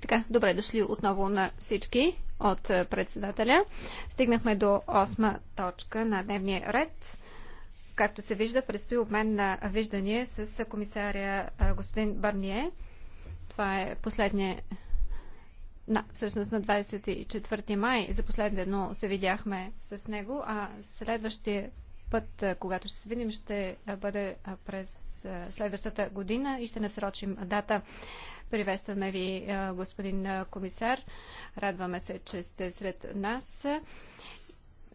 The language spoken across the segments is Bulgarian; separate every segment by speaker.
Speaker 1: така, добре дошли отново на всички от е, председателя. Стигнахме до осма точка на дневния ред. Както се вижда, предстои обмен на виждане с е, комисаря е, господин Барние. Това е последния на, всъщност на 24 май за последно се видяхме с него, а следващия път, когато ще се видим, ще бъде през следващата година и ще насрочим дата. Приветстваме ви, господин комисар. Радваме се, че сте сред нас.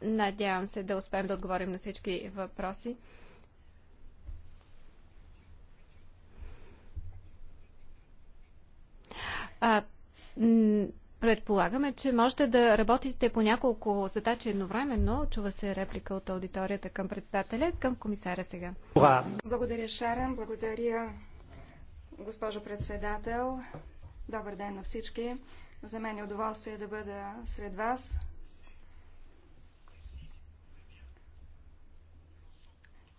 Speaker 1: Надявам се да успеем да отговорим на всички въпроси. А, Предполагаме, че можете да работите по няколко задачи едновременно. Чува се реплика от аудиторията към председателя, към комисаря сега.
Speaker 2: Благодаря, Шарен. Благодаря, госпожо председател. Добър ден на всички. За мен е удоволствие да бъда сред вас.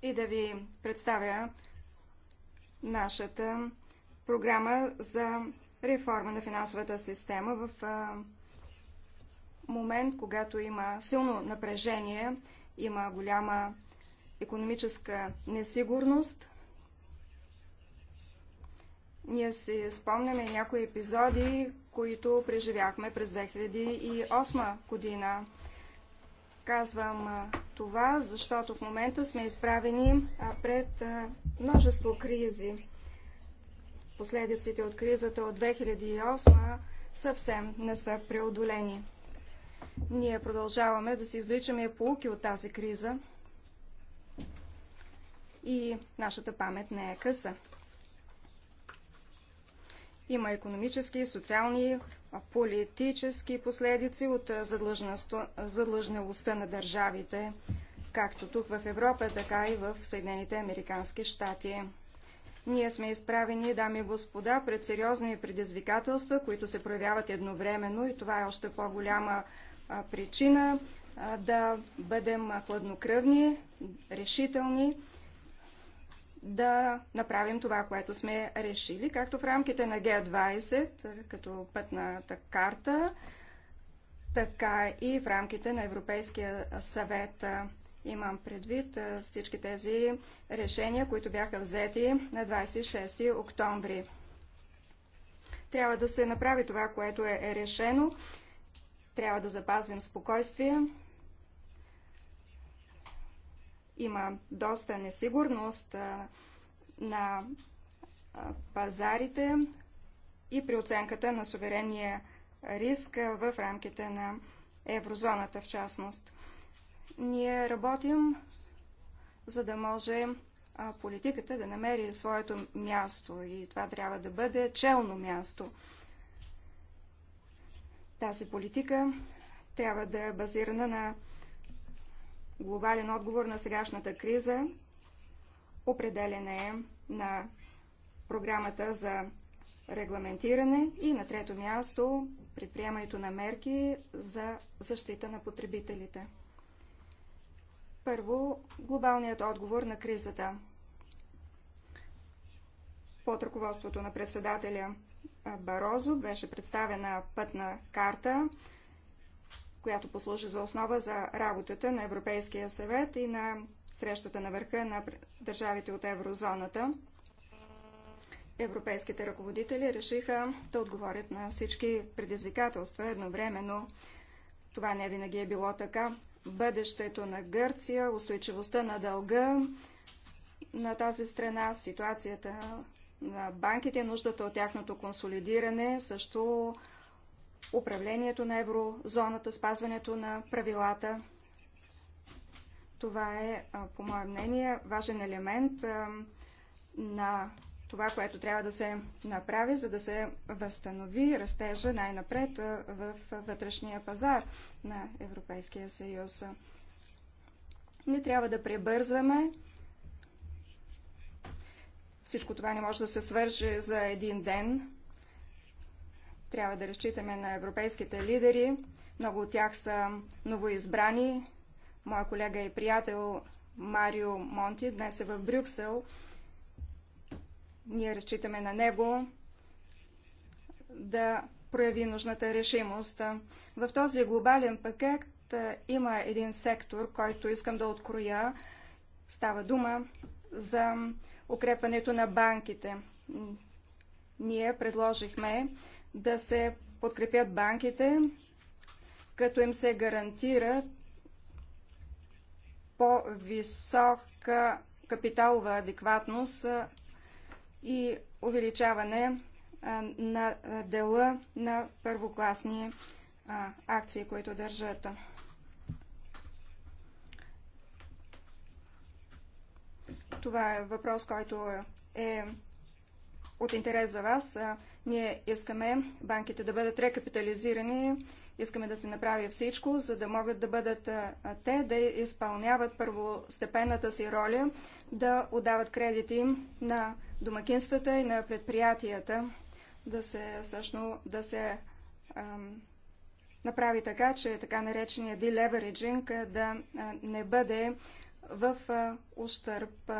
Speaker 2: И да ви представя нашата програма за реформа на финансовата система в момент, когато има силно напрежение, има голяма економическа несигурност. Ние си спомняме някои епизоди, които преживяхме през 2008 година. Казвам това, защото в момента сме изправени пред множество кризи. Последиците от кризата от 2008 съвсем не са преодолени. Ние продължаваме да си извличаме полуки от тази криза и нашата памет не е къса. Има економически, социални, политически последици от задлъжнелостта на държавите, както тук в Европа, така и в Съединените Американски щати. Ние сме изправени, дами и господа, пред сериозни предизвикателства, които се проявяват едновременно и това е още по-голяма причина да бъдем хладнокръвни, решителни, да направим това, което сме решили, както в рамките на Г20, като пътната карта, така и в рамките на Европейския съвет. Имам предвид всички тези решения, които бяха взети на 26 октомври. Трябва да се направи това, което е, е решено. Трябва да запазим спокойствие. Има доста несигурност на пазарите и при оценката на суверенния риск в рамките на еврозоната в частност. Ние работим, за да може политиката да намери своето място и това трябва да бъде челно място. Тази политика трябва да е базирана на глобален отговор на сегашната криза, определене на програмата за регламентиране и на трето място предприемането на мерки за защита на потребителите. Първо, глобалният отговор на кризата под ръководството на председателя Барозо беше представена пътна карта, която послужи за основа за работата на Европейския съвет и на срещата на върха на държавите от еврозоната. Европейските ръководители решиха да отговорят на всички предизвикателства едновременно. Това не винаги е било така бъдещето на Гърция, устойчивостта на дълга на тази страна, ситуацията на банките, нуждата от тяхното консолидиране, също управлението на еврозоната, спазването на правилата. Това е, по мое мнение, важен елемент на това, което трябва да се направи, за да се възстанови растежа най-напред в вътрешния пазар на Европейския съюз. Не трябва да пребързваме. Всичко това не може да се свърши за един ден. Трябва да разчитаме на европейските лидери. Много от тях са новоизбрани. Моя колега и приятел Марио Монти днес е в Брюксел. Ние разчитаме на него да прояви нужната решимост. В този глобален пакет има един сектор, който искам да откроя. Става дума за укрепването на банките. Ние предложихме да се подкрепят банките, като им се гарантира по-висока капиталова адекватност и увеличаване на дела на първокласни акции, които държат. Това е въпрос, който е от интерес за вас. Ние искаме банките да бъдат рекапитализирани, искаме да се направи всичко, за да могат да бъдат те да изпълняват първостепенната си роля да отдават кредити на домакинствата и на предприятията, да се, също, да се ам, направи така, че така наречения делевериджинг да не бъде в устърп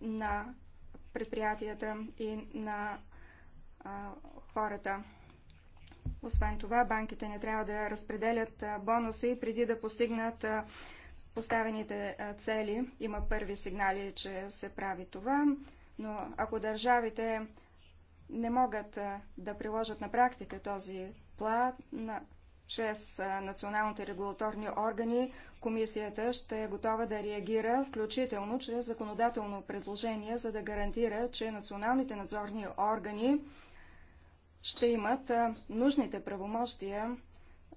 Speaker 2: на предприятията и на а, хората. Освен това, банките не трябва да разпределят бонуси преди да постигнат поставените цели. Има първи сигнали, че се прави това, но ако държавите не могат да приложат на практика този план, чрез националните регулаторни органи, комисията ще е готова да реагира, включително чрез законодателно предложение, за да гарантира, че националните надзорни органи ще имат нужните правомощия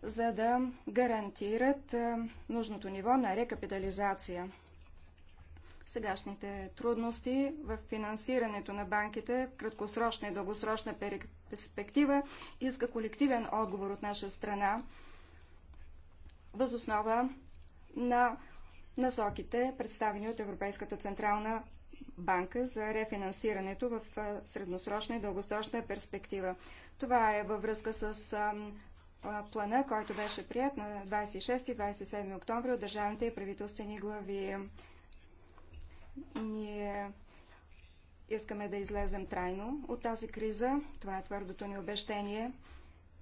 Speaker 2: за да гарантират нужното ниво на рекапитализация. Сегашните трудности в финансирането на банките в краткосрочна и дългосрочна перспектива иска колективен отговор от наша страна възоснова на насоките, представени от Европейската централна банка за рефинансирането в средносрочна и дългосрочна перспектива. Това е във връзка с плана, който беше прият на 26 27 октомври от държавните и правителствени глави. Ние искаме да излезем трайно от тази криза. Това е твърдото ни обещение.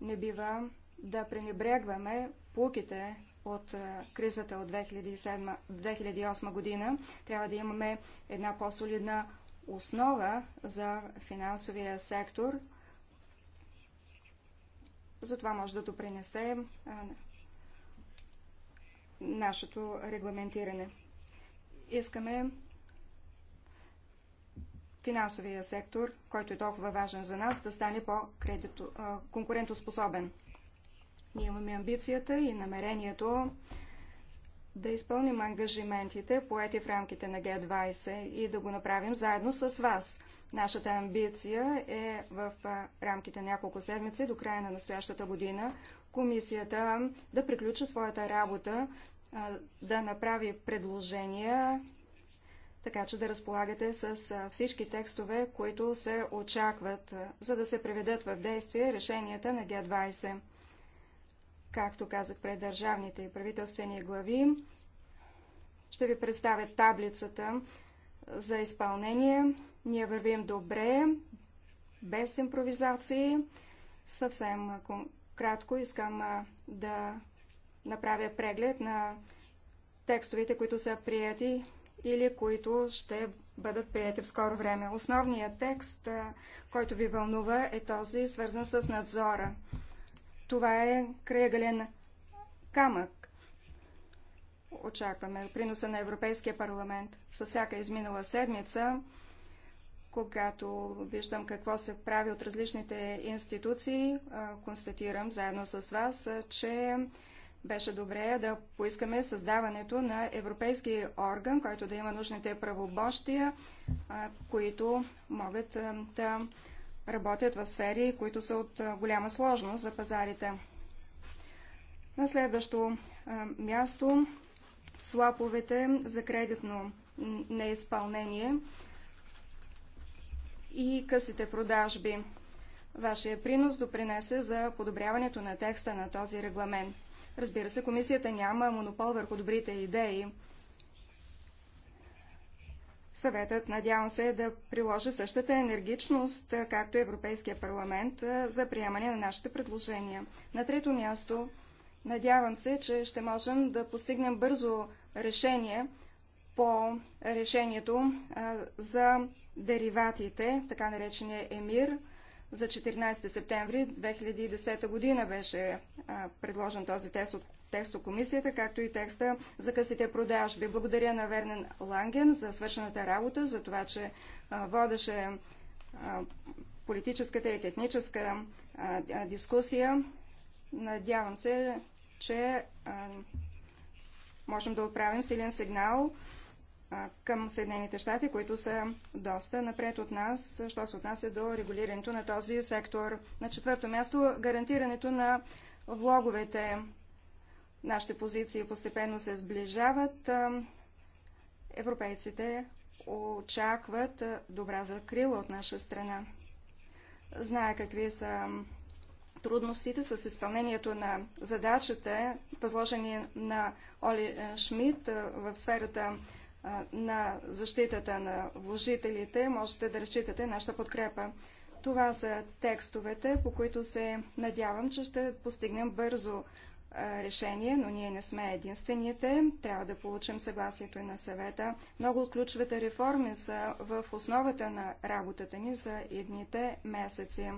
Speaker 2: Не бива да пренебрегваме пулките от кризата от 2007, 2008 година. Трябва да имаме една по-солидна основа за финансовия сектор – за това може да допринесе нашето регламентиране. Искаме финансовия сектор, който е толкова важен за нас, да стане по-конкурентоспособен. Ние имаме амбицията и намерението да изпълним ангажиментите, поети в рамките на Г20 и да го направим заедно с вас – Нашата амбиция е в рамките на няколко седмици до края на настоящата година комисията да приключи своята работа, да направи предложения, така че да разполагате с всички текстове, които се очакват, за да се приведат в действие решенията на Г-20. Както казах пред държавните и правителствени глави, ще ви представя таблицата за изпълнение ние вървим добре, без импровизации. Съвсем кратко искам да направя преглед на текстовете, които са прияти или които ще бъдат прияти в скоро време. Основният текст, който ви вълнува, е този, свързан с надзора. Това е крайъгален камък. Очакваме приноса на Европейския парламент. Със всяка изминала седмица когато виждам какво се прави от различните институции, констатирам заедно с вас, че беше добре да поискаме създаването на европейски орган, който да има нужните правобощия, които могат да работят в сфери, които са от голяма сложност за пазарите. На следващо място слаповете за кредитно неизпълнение – и късите продажби. Вашия принос допринесе за подобряването на текста на този регламент. Разбира се, комисията няма монопол върху добрите идеи. Съветът, надявам се, е да приложи същата енергичност, както Европейския парламент, за приемане на нашите предложения. На трето място, надявам се, че ще можем да постигнем бързо решение, по решението за дериватите, така наречения ЕМИР, за 14 септември 2010 година беше предложен този тест от текст от комисията, както и текста за късите продажби. Благодаря на Вернен Ланген за свършената работа, за това, че водеше политическата и техническа дискусия. Надявам се, че можем да отправим силен сигнал към Съединените щати, които са доста напред от нас, що се отнася до регулирането на този сектор. На четвърто място гарантирането на влоговете. Нашите позиции постепенно се сближават. Европейците очакват добра закрила от наша страна. Зная какви са трудностите с изпълнението на задачата, възложени на Оли Шмидт в сферата на защитата на вложителите, можете да разчитате нашата подкрепа. Това са текстовете, по които се надявам, че ще постигнем бързо решение, но ние не сме единствените. Трябва да получим съгласието и на съвета. Много от ключовите реформи са в основата на работата ни за едните месеци.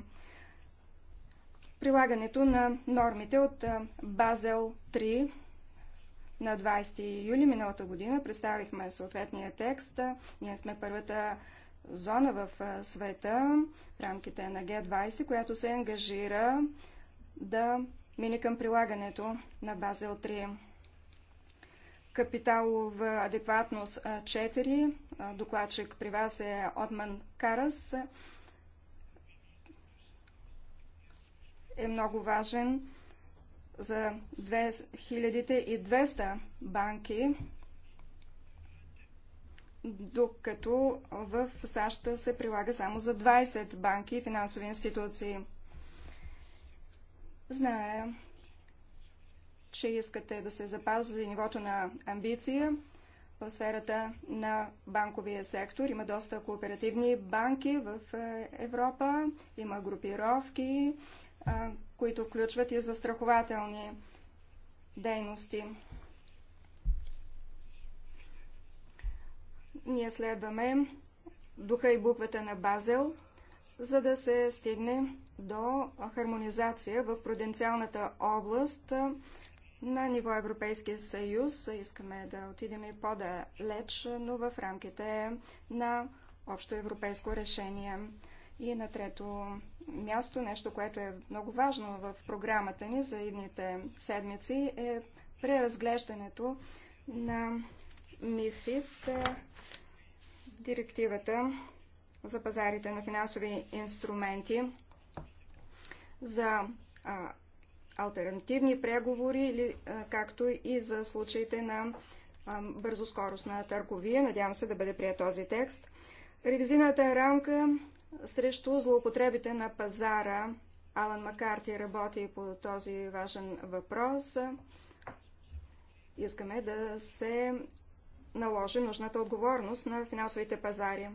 Speaker 2: Прилагането на нормите от Базел 3 на 20 юли миналата година представихме съответния текст. Ние сме първата зона в света в рамките на Г20, която се ангажира да мине към прилагането на Базел 3. Капиталова адекватност 4. Докладчик при вас е Отман Карас. Е много важен за 2200 банки, докато в САЩ се прилага само за 20 банки и финансови институции. Зная, че искате да се запази нивото на амбиция в сферата на банковия сектор. Има доста кооперативни банки в е, Европа, има групировки, които включват и застрахователни дейности. Ние следваме духа и буквата на Базел, за да се стигне до хармонизация в пруденциалната област на ниво Европейския съюз. Искаме да отидем и по-далеч, но в рамките на общо европейско решение. И на трето място, нещо, което е много важно в програмата ни за едните седмици, е преразглеждането на МИФИД, е, директивата за пазарите на финансови инструменти, за а, альтернативни преговори, или, а, както и за случаите на а, бързоскоростна търговия. Надявам се да бъде прият този текст. Ревизийната рамка срещу злоупотребите на пазара. Алан Макарти работи по този важен въпрос. Искаме да се наложи нужната отговорност на финансовите пазари.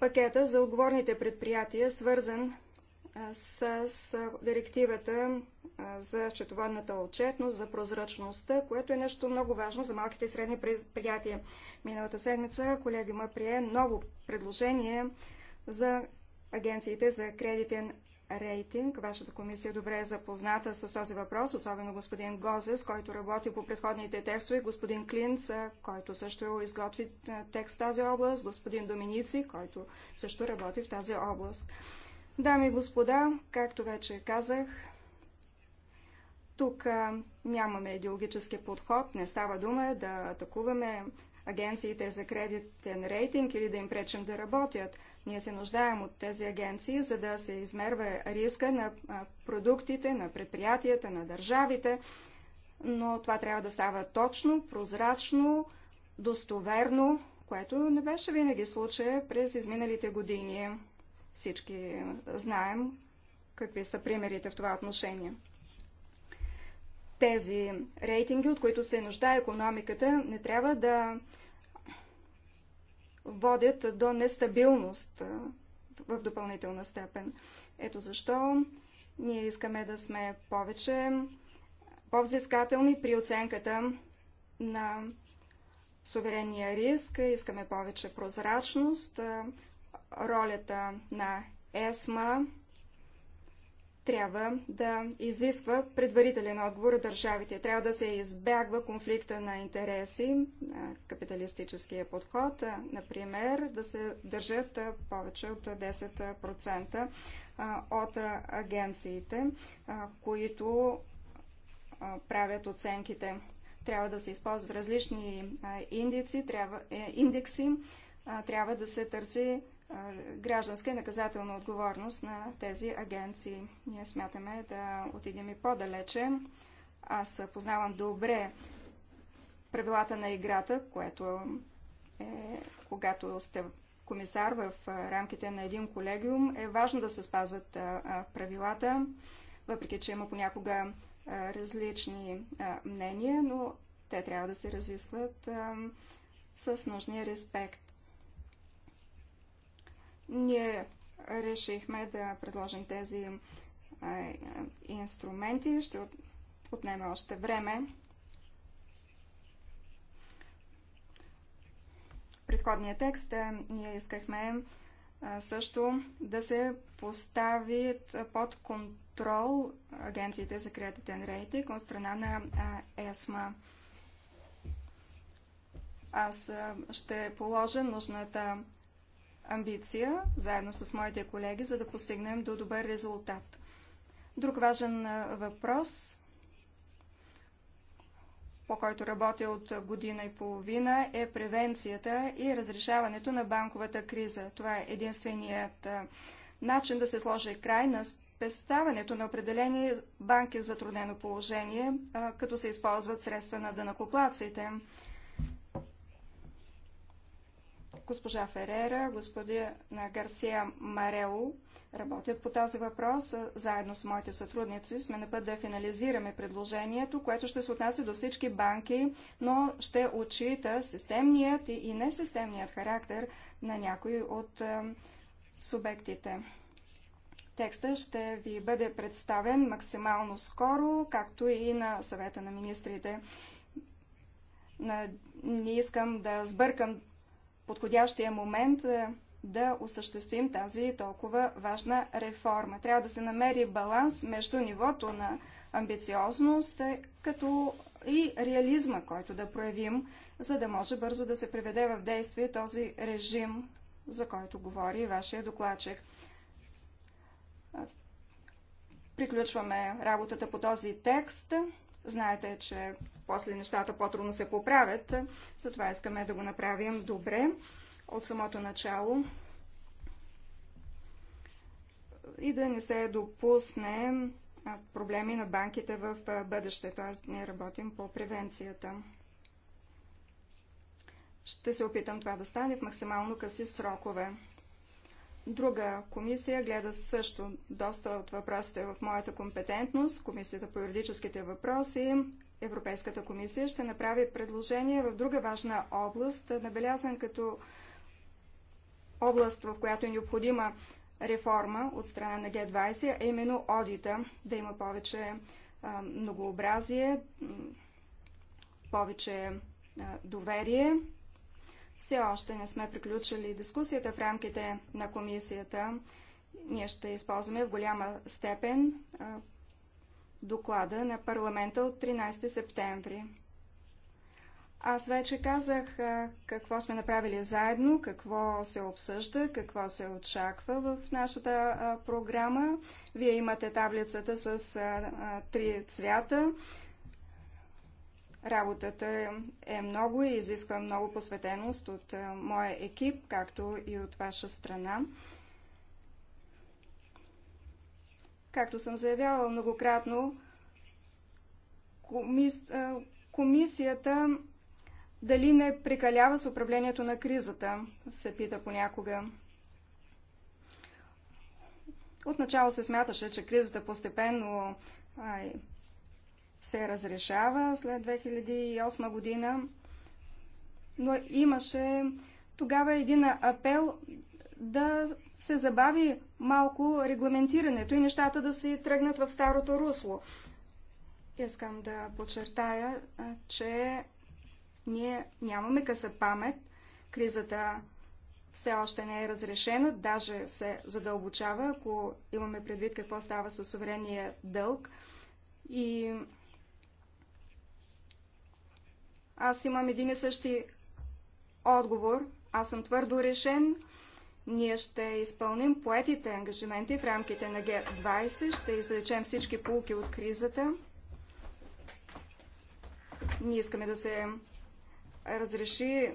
Speaker 2: Пакета за отговорните предприятия, свързан с директивата за счетоводната отчетност, за прозрачността, което е нещо много важно за малките и средни предприятия. Миналата седмица колеги колегиума прие ново предложение за агенциите за кредитен рейтинг. Вашата комисия е добре е запозната с този въпрос, особено господин Гозес, който работи по предходните текстове, господин Клинц, който също е изготви текст в тази област, господин Доминици, който също работи в тази област. Дами и господа, както вече казах, тук а, нямаме идеологически подход, не става дума да атакуваме агенциите за кредитен рейтинг или да им пречим да работят – ние се нуждаем от тези агенции, за да се измерва риска на продуктите, на предприятията, на държавите, но това трябва да става точно, прозрачно, достоверно, което не беше винаги случая през изминалите години. Всички знаем какви са примерите в това отношение. Тези рейтинги, от които се нуждае економиката, не трябва да водят до нестабилност в допълнителна степен. Ето защо ние искаме да сме повече по-взискателни при оценката на суверенния риск, искаме повече прозрачност, ролята на ЕСМА трябва да изисква предварителен отговор от държавите. Трябва да се избягва конфликта на интереси, капиталистическия подход, например, да се държат повече от 10% от агенциите, които правят оценките. Трябва да се използват различни е, индекси, трябва, индекси, трябва да се търси гражданска и наказателна отговорност на тези агенции. Ние смятаме да отидем и по-далече. Аз познавам добре правилата на играта, което е, когато сте комисар в рамките на един колегиум, е важно да се спазват правилата, въпреки че има понякога различни мнения, но те трябва да се разискват с нужния респект. Ние решихме да предложим тези инструменти. Ще отнеме още време. Предходния текст ние искахме също да се поставят под контрол агенциите за кредитен рейтинг от страна на ЕСМА. Аз ще положа нужната амбиция, заедно с моите колеги, за да постигнем до добър резултат. Друг важен въпрос, по който работя от година и половина, е превенцията и разрешаването на банковата криза. Това е единственият начин да се сложи край на спеставането на определени банки в затруднено положение, като се използват средства на дънакоплациите. Госпожа Ферера, господин Гарсия Марело работят по този въпрос. Заедно с моите сътрудници сме на път да финализираме предложението, което ще се отнася до всички банки, но ще отчита системният и несистемният характер на някои от е, субектите. Текста ще ви бъде представен максимално скоро, както и на съвета на министрите. Не искам да сбъркам подходящия момент е, да осъществим тази толкова важна реформа. Трябва да се намери баланс между нивото на амбициозност е, като и реализма, който да проявим, за да може бързо да се приведе в действие този режим, за който говори вашия докладчик. Приключваме работата по този текст. Знаете, че после нещата по-трудно се поправят, затова искаме да го направим добре от самото начало и да не се допусне проблеми на банките в бъдеще, т.е. ние работим по превенцията. Ще се опитам това да стане в максимално къси срокове. Друга комисия гледа също доста от въпросите в моята компетентност, Комисията по юридическите въпроси. Европейската комисия ще направи предложение в друга важна област, набелязан като област, в която е необходима реформа от страна на Г20, а именно одита, да има повече многообразие, повече доверие все още не сме приключили дискусията в рамките на комисията. Ние ще използваме в голяма степен доклада на парламента от 13 септември. Аз вече казах какво сме направили заедно, какво се обсъжда, какво се очаква в нашата програма. Вие имате таблицата с три цвята. Работата е много и изисква много посветеност от е, моя екип, както и от ваша страна. Както съм заявявала многократно, е, комисията дали не прекалява с управлението на кризата, се пита понякога. Отначало се смяташе, че кризата постепенно се разрешава след 2008 година, но имаше тогава един апел да се забави малко регламентирането и нещата да се тръгнат в старото русло. Искам да подчертая, че ние нямаме къса памет. Кризата все още не е разрешена, даже се задълбочава, ако имаме предвид какво става със суверения дълг. И аз имам един и същи отговор. Аз съм твърдо решен. Ние ще изпълним поетите ангажименти в рамките на Г20, ще извлечем всички полуки от кризата. Ние искаме да се разреши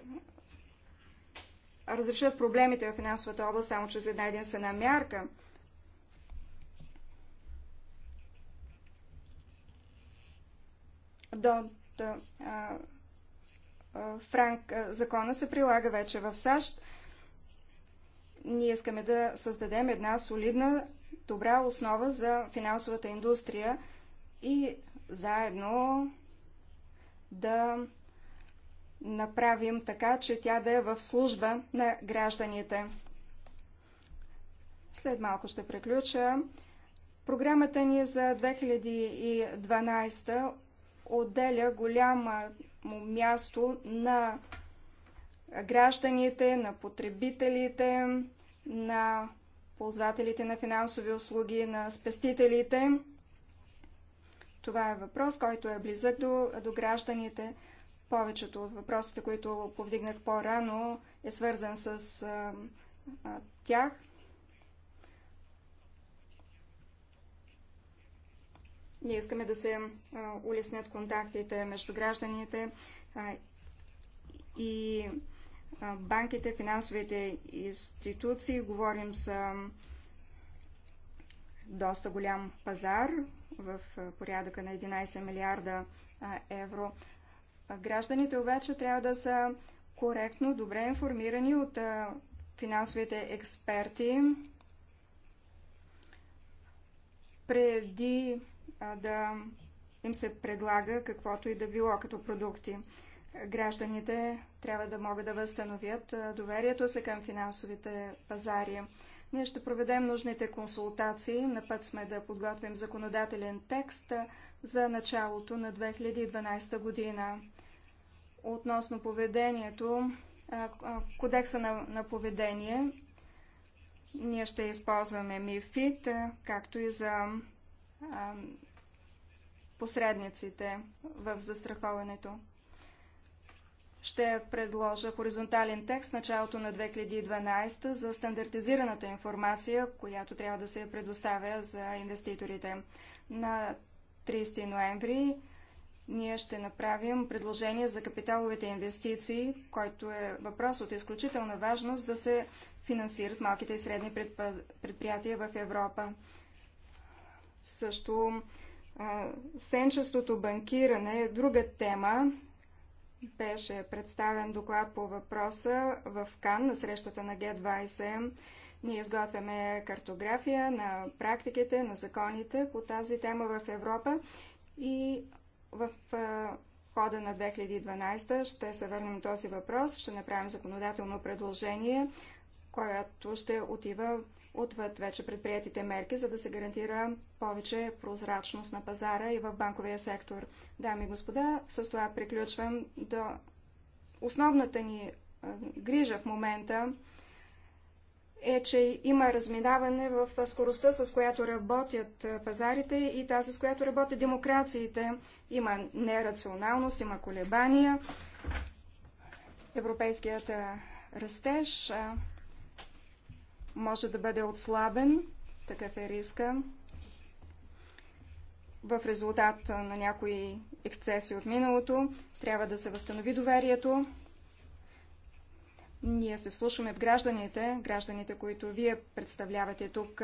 Speaker 2: разрешат проблемите в финансовата област само чрез една единствена мярка. до Франк закона се прилага вече в САЩ. Ние искаме да създадем една солидна, добра основа за финансовата индустрия и заедно да направим така, че тя да е в служба на гражданите. След малко ще приключа. Програмата ни за 2012 отделя голяма място на гражданите, на потребителите, на ползвателите на финансови услуги, на спестителите. Това е въпрос, който е близък до, до гражданите. Повечето от въпросите, които повдигнах по-рано, е свързан с а, а, тях. Ние искаме да се улеснят контактите между гражданите и банките, финансовите институции. Говорим за доста голям пазар в порядъка на 11 милиарда евро. Гражданите обаче трябва да са коректно, добре информирани от финансовите експерти преди да им се предлага каквото и да било като продукти. Гражданите трябва да могат да възстановят доверието се към финансовите пазари. Ние ще проведем нужните консултации. На път сме да подготвим законодателен текст за началото на 2012 година. Относно поведението, кодекса на, на поведение, ние ще използваме МИФИТ, както и за посредниците в застраховането. Ще предложа хоризонтален текст началото на 2012 за стандартизираната информация, която трябва да се предоставя за инвеститорите. На 30 ноември ние ще направим предложение за капиталовите инвестиции, който е въпрос от изключителна важност да се финансират малките и средни предприятия в Европа. Също Сенчестото банкиране е друга тема. Беше представен доклад по въпроса в Кан на срещата на Г20. Ние изготвяме картография на практиките, на законите по тази тема в Европа и в хода на 2012 ще се върнем този въпрос, ще направим законодателно предложение, което ще отива отвъд вече предприятите мерки, за да се гарантира повече прозрачност на пазара и в банковия сектор. Дами и господа, с това приключвам до основната ни грижа в момента е, че има разминаване в скоростта, с която работят пазарите и тази, с която работят демокрациите. Има нерационалност, има колебания. Европейският растеж може да бъде отслабен, такъв е риска, в резултат на някои ексцеси от миналото, трябва да се възстанови доверието. Ние се вслушваме в гражданите, гражданите, които вие представлявате тук,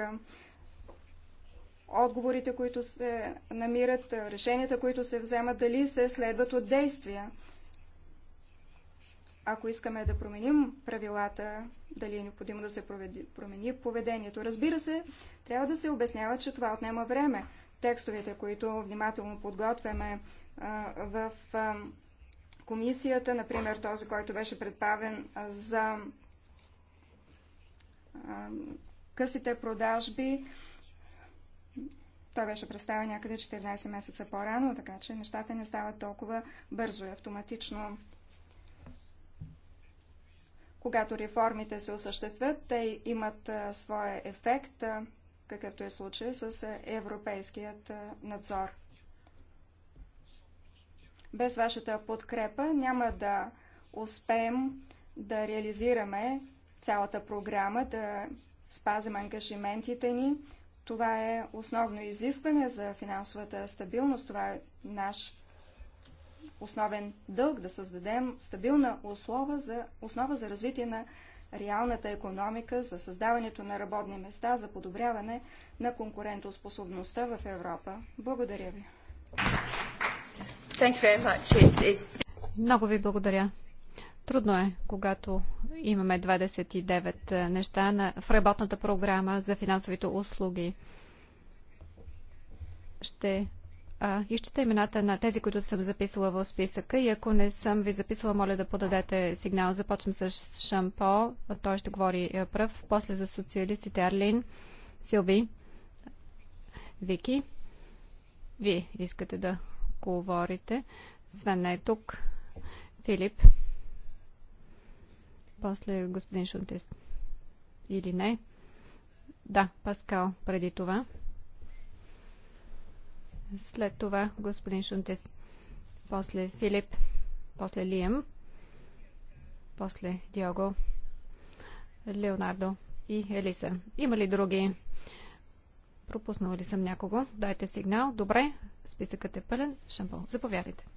Speaker 2: отговорите, които се намират, решенията, които се вземат, дали се следват от действия ако искаме да променим правилата, дали е необходимо да се проведи, промени поведението. Разбира се, трябва да се обяснява, че това отнема време. Текстовете, които внимателно подготвяме а, в а, комисията, например този, който беше предпавен а, за късите продажби, той беше представен някъде 14 месеца по-рано, така че нещата не стават толкова бързо и автоматично. Когато реформите се осъществят, те имат своя ефект, какъвто е случай с европейският надзор. Без вашата подкрепа няма да успеем да реализираме цялата програма, да спазим ангажиментите ни. Това е основно изискване за финансовата стабилност, това е наш основен дълг, да създадем стабилна основа за, основа за развитие на реалната економика, за създаването на работни места, за подобряване на конкурентоспособността в Европа. Благодаря ви.
Speaker 1: Много ви благодаря. Трудно е, когато имаме 29 е, неща на, в работната програма за финансовите услуги. Ще а, имената на тези, които съм записала в списъка и ако не съм ви записала, моля да подадете сигнал. Започвам с Шампо, той ще говори е, пръв, после за социалистите Арлин, Силби, Вики. Вие искате да говорите. Свен е тук. Филип. После господин Шунтест. Или не? Да, Паскал преди това. След това господин Шунтес, после Филип, после Лием, после Диого, Леонардо и Елиса. Има ли други? Пропуснала ли съм някого? Дайте сигнал. Добре, списъкът е пълен. Шампон, заповядайте.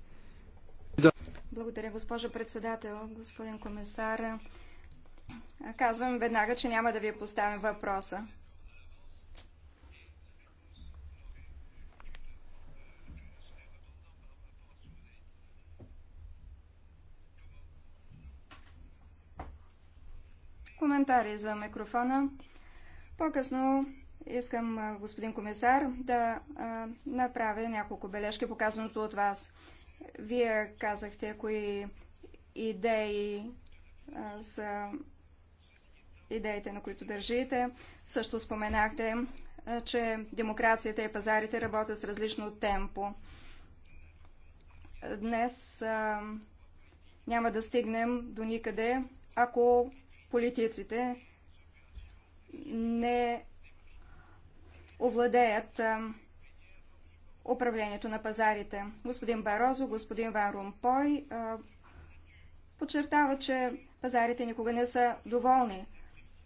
Speaker 2: Да. Благодаря, госпожо председател, господин комисар. Казвам веднага, че няма да ви поставим въпроса. коментари за микрофона. По-късно искам, господин комисар, да а, направя няколко бележки, показаното от вас. Вие казахте кои идеи а, са идеите, на които държите. Също споменахте, а, че демокрацията и пазарите работят с различно темпо. Днес а, няма да стигнем до никъде, ако политиците не овладеят управлението на пазарите. Господин Барозо, господин Ван Румпой подчертава, че пазарите никога не са доволни.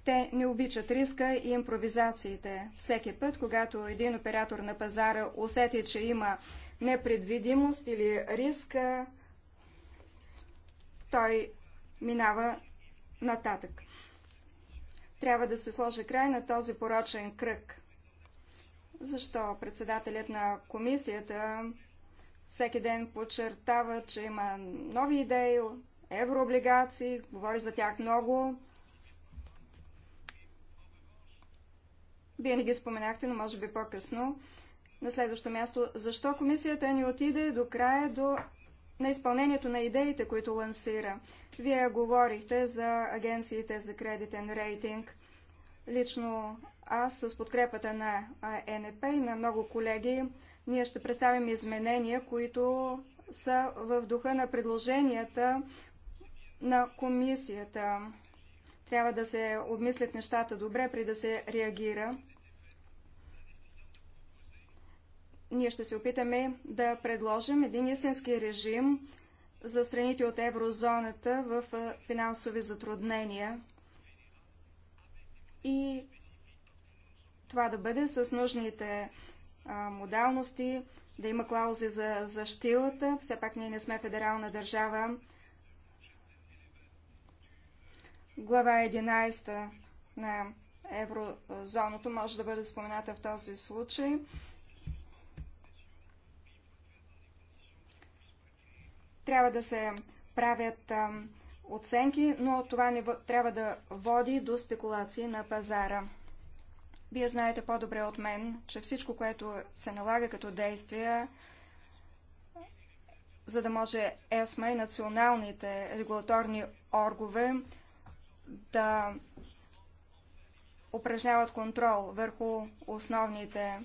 Speaker 2: Те не обичат риска и импровизациите. Всеки път, когато един оператор на пазара усети, че има непредвидимост или риск, той минава нататък. Трябва да се сложи край на този порочен кръг. Защо председателят на комисията всеки ден подчертава, че има нови идеи, еврооблигации, говори за тях много. Вие не ги споменахте, но може би по-късно. На следващо място, защо комисията ни отиде до края до на изпълнението на идеите, които лансира. Вие говорихте за агенциите за кредитен рейтинг. Лично аз с подкрепата на ЕНП и на много колеги, ние ще представим изменения, които са в духа на предложенията на комисията. Трябва да се обмислят нещата добре, при да се реагира. ние ще се опитаме да предложим един истински режим за страните от еврозоната в финансови затруднения и това да бъде с нужните а, модалности, да има клаузи за защилата. Все пак ние не сме федерална държава. Глава 11 на еврозоното може да бъде спомената в този случай. Трябва да се правят а, оценки, но това не трябва да води до спекулации на пазара. Вие знаете по-добре от мен, че всичко, което се налага като действия, за да може ЕСМА и националните регулаторни оргове да упражняват контрол върху основните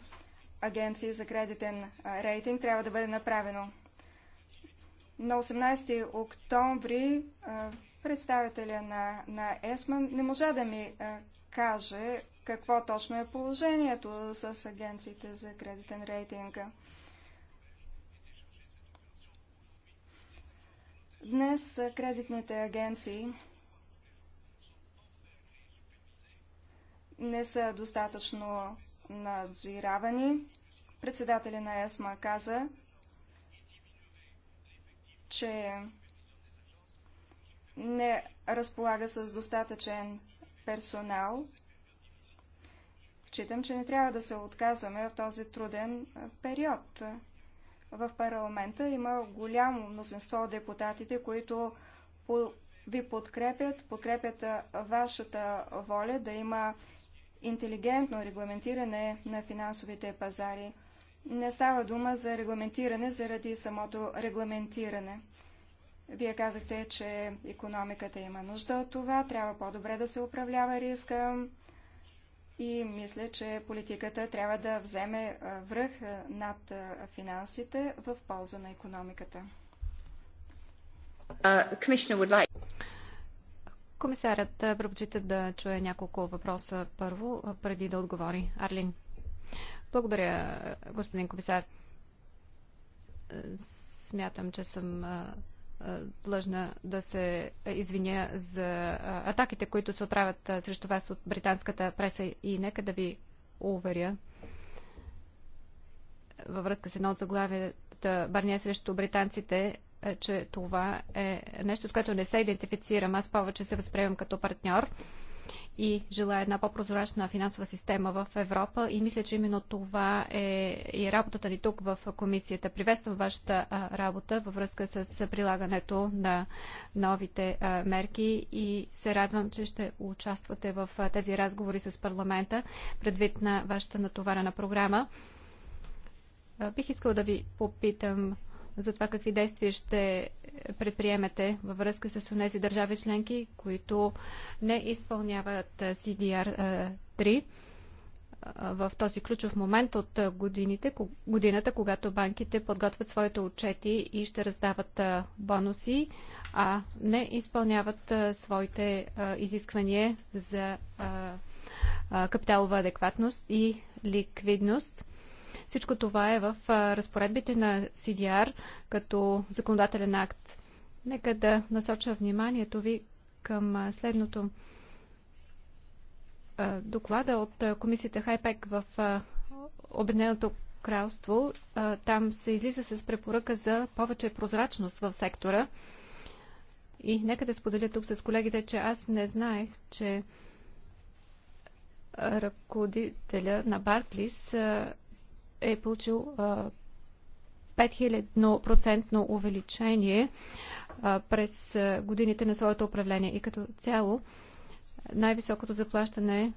Speaker 2: агенции за кредитен рейтинг, трябва да бъде направено. На 18 октомври представителя на, на ЕСМА не можа да ми каже какво точно е положението с агенциите за кредитен рейтинг. Днес кредитните агенции не са достатъчно надзиравани. Председателя на ЕСМА каза, че не разполага с достатъчен персонал. Читам, че не трябва да се отказваме в този труден период. В парламента има голямо мнозинство от депутатите, които ви подкрепят, подкрепят вашата воля да има интелигентно регламентиране на финансовите пазари. Не става дума за регламентиране заради самото регламентиране. Вие казахте, че економиката има нужда от това, трябва по-добре да се управлява риска и мисля, че политиката трябва да вземе връх над финансите в полза на економиката.
Speaker 1: Uh, Комисарят пропочита да чуе няколко въпроса първо, преди да отговори. Арлин. Благодаря, господин комисар. Смятам, че съм длъжна да се извиня за атаките, които се отправят срещу вас от британската преса и нека да ви уверя във връзка с едно от заглавията Барния е срещу британците, че това е нещо, с което не се идентифицирам. Аз повече се възприемам като партньор и желая една по-прозрачна финансова система в Европа. И мисля, че именно това е и работата ни тук в комисията. Приветствам вашата работа във връзка с прилагането на новите мерки и се радвам, че ще участвате в тези разговори с парламента предвид на вашата натоварена програма. Бих искала да ви попитам за това какви действия ще предприемете във връзка с тези държави членки, които не изпълняват CDR-3 в този ключов момент от годините, годината, когато банките подготвят своите отчети и ще раздават бонуси, а не изпълняват своите изисквания за капиталова адекватност и ликвидност. Всичко това е в разпоредбите на CDR като законодателен акт. Нека да насоча вниманието ви към следното. Доклада от комисията Хайпек в Обединеното кралство. Там се излиза с препоръка за повече прозрачност в сектора. И нека да споделя тук с колегите, че аз не знаех, че ръководителя на Барклис е получил 5000% увеличение през годините на своето управление. И като цяло най-високото заплащане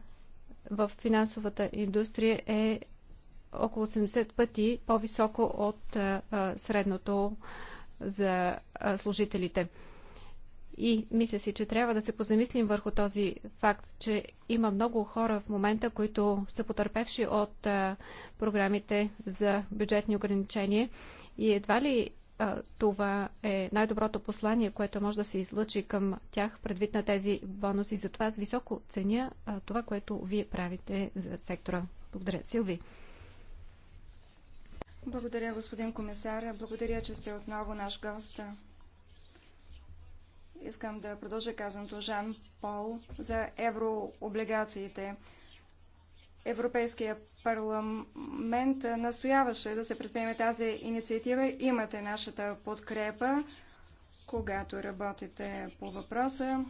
Speaker 1: в финансовата индустрия е около 70 пъти по-високо от средното за служителите. И мисля си, че трябва да се позамислим върху този факт, че има много хора в момента, които са потърпевши от а, програмите за бюджетни ограничения. И едва ли а, това е най-доброто послание, което може да се излъчи към тях предвид на тези бонуси. Затова с високо ценя а, това, което вие правите за сектора. Благодаря. Силви.
Speaker 2: Благодаря, господин комисар. Благодаря, че сте отново наш гост. Искам да продължа казаното Жан Пол за еврооблигациите. Европейския парламент настояваше да се предприеме тази инициатива. Имате нашата подкрепа, когато работите по въпроса,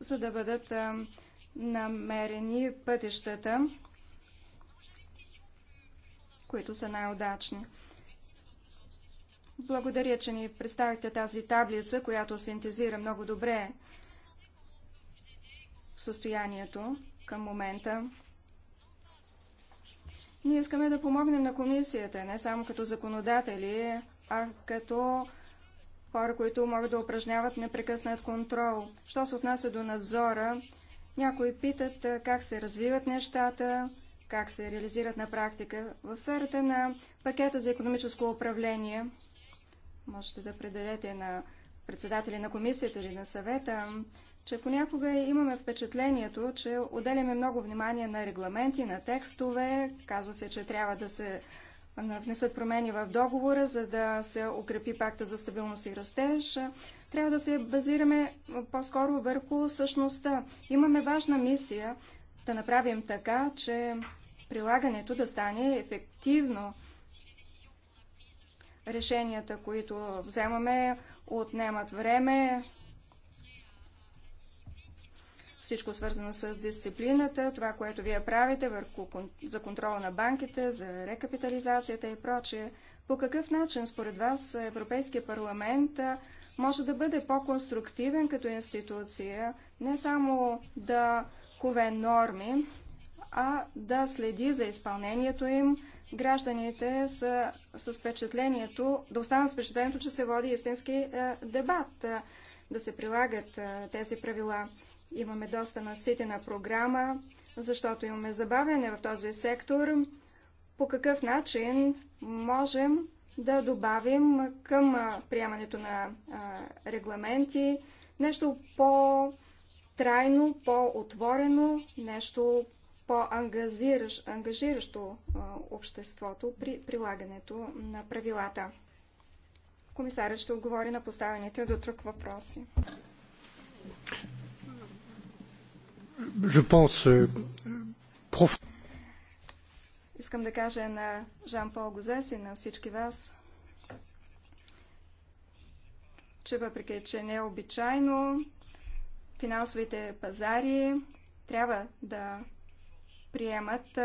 Speaker 2: за да бъдат намерени пътищата, които са най-удачни. Благодаря, че ни представихте тази таблица, която синтезира много добре състоянието към момента. Ние искаме да помогнем на комисията, не само като законодатели, а като хора, които могат да упражняват непрекъснат контрол. Що се отнася до надзора, някои питат как се развиват нещата, как се реализират на практика. В сферата на пакета за економическо управление – Можете да предадете на председатели на комисията или на съвета, че понякога имаме впечатлението, че отделяме много внимание на регламенти, на текстове. Казва се, че трябва да се внесат промени в договора, за да се укрепи пакта за стабилност и растеж. Трябва да се базираме по-скоро върху същността. Имаме важна мисия да направим така, че прилагането да стане ефективно решенията, които вземаме, отнемат време. Всичко свързано с дисциплината, това, което вие правите върху, за контрола на банките, за рекапитализацията и прочее. По какъв начин, според вас, Европейския парламент може да бъде по-конструктивен като институция, не само да кове норми, а да следи за изпълнението им, гражданите са с впечатлението, да останат с впечатлението, че се води истински е, дебат, е, да се прилагат е, тези правила. Имаме доста наситена програма, защото имаме забавяне в този сектор. По какъв начин можем да добавим към приемането на регламенти нещо по-трайно, по-отворено, нещо по-ангажиращо обществото при прилагането на правилата. Комисарят ще отговори на поставените до друг въпроси.
Speaker 1: Euh,
Speaker 2: Искам да кажа на Жан-Пол Гозес и на всички вас, че въпреки, че не е обичайно, финансовите пазари трябва да приемат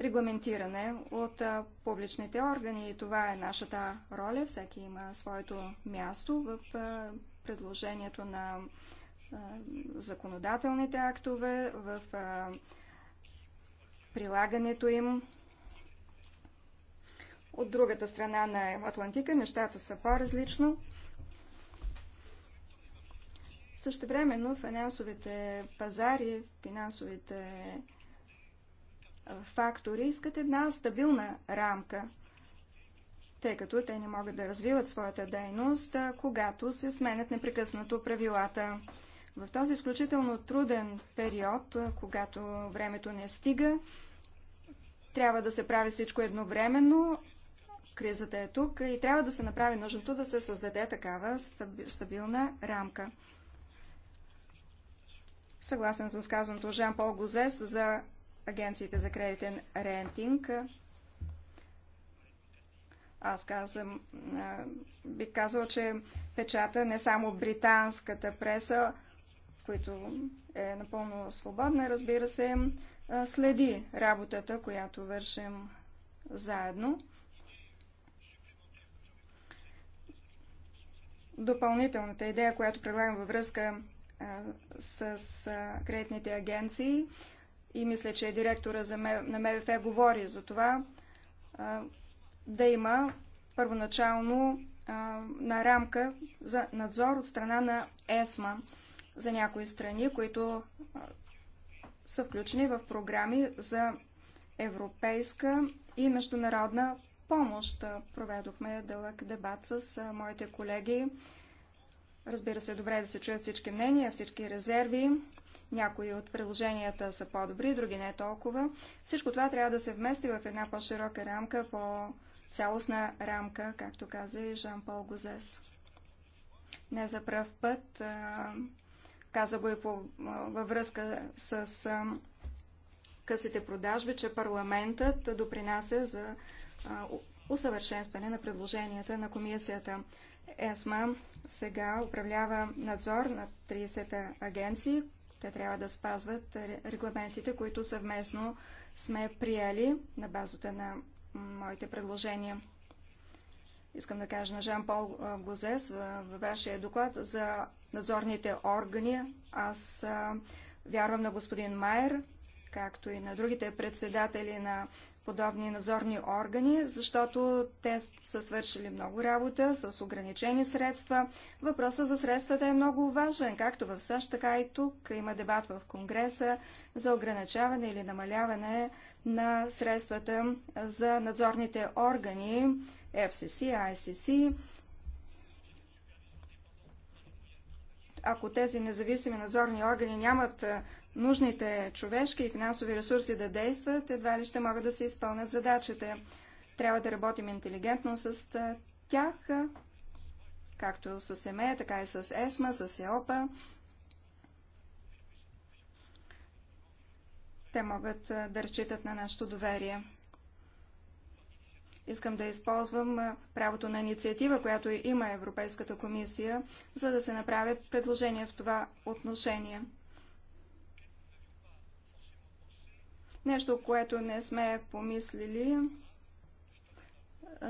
Speaker 2: регламентиране от публичните органи и това е нашата роля. Всеки има своето място в предложението на законодателните актове, в прилагането им. От другата страна на Атлантика нещата са по-различно. Същевременно финансовите пазари, финансовите фактори искат една стабилна рамка, тъй като те не могат да развиват своята дейност, когато се сменят непрекъснато правилата. В този изключително труден период, когато времето не стига, трябва да се прави всичко едновременно, кризата е тук и трябва да се направи нужното да се създаде такава стабилна рамка. Съгласен съм с казаното Жан-Пол Гозес за агенциите за кредитен рейтинг. Аз казвам, бих казал, че печата не само британската преса, която е напълно свободна, разбира се, следи работата, която вършим заедно. Допълнителната идея, която предлагам във връзка с кредитните агенции и мисля, че директора за на МВФ говори за това, да има първоначално на рамка за надзор от страна на ЕСМА за някои страни, които са включени в програми за европейска и международна помощ. Проведохме дълъг дебат с моите колеги Разбира се, добре е да се чуят всички мнения, всички резерви. Някои от приложенията са по-добри, други не е толкова. Всичко това трябва да се вмести в една по-широка рамка, по-цялостна рамка, както каза и Жан-Пол Гозес. Не за пръв път, каза го и по, във връзка с късите продажби, че парламентът допринася за усъвършенстване на предложенията на комисията. ЕСМА сега управлява надзор на 30 агенции. Те трябва да спазват регламентите, които съвместно сме приели на базата на моите предложения. Искам да кажа на Жан-Пол Гозес във вашия доклад за надзорните органи. Аз вярвам на господин Майер, както и на другите председатели на подобни надзорни органи, защото те са свършили много работа с ограничени средства. Въпросът за средствата е много важен, както в САЩ, така и тук. Има дебат в Конгреса за ограничаване или намаляване на средствата за надзорните органи FCC, ICC. Ако тези независими надзорни органи нямат нужните човешки и финансови ресурси да действат, едва ли ще могат да се изпълнят задачите. Трябва да работим интелигентно с тях, както с ЕМЕ, така и с ЕСМА, с ЕОПА. Те могат да разчитат на нашето доверие. Искам да използвам правото на инициатива, която има Европейската комисия, за да се направят предложения в това отношение. Нещо, което не сме помислили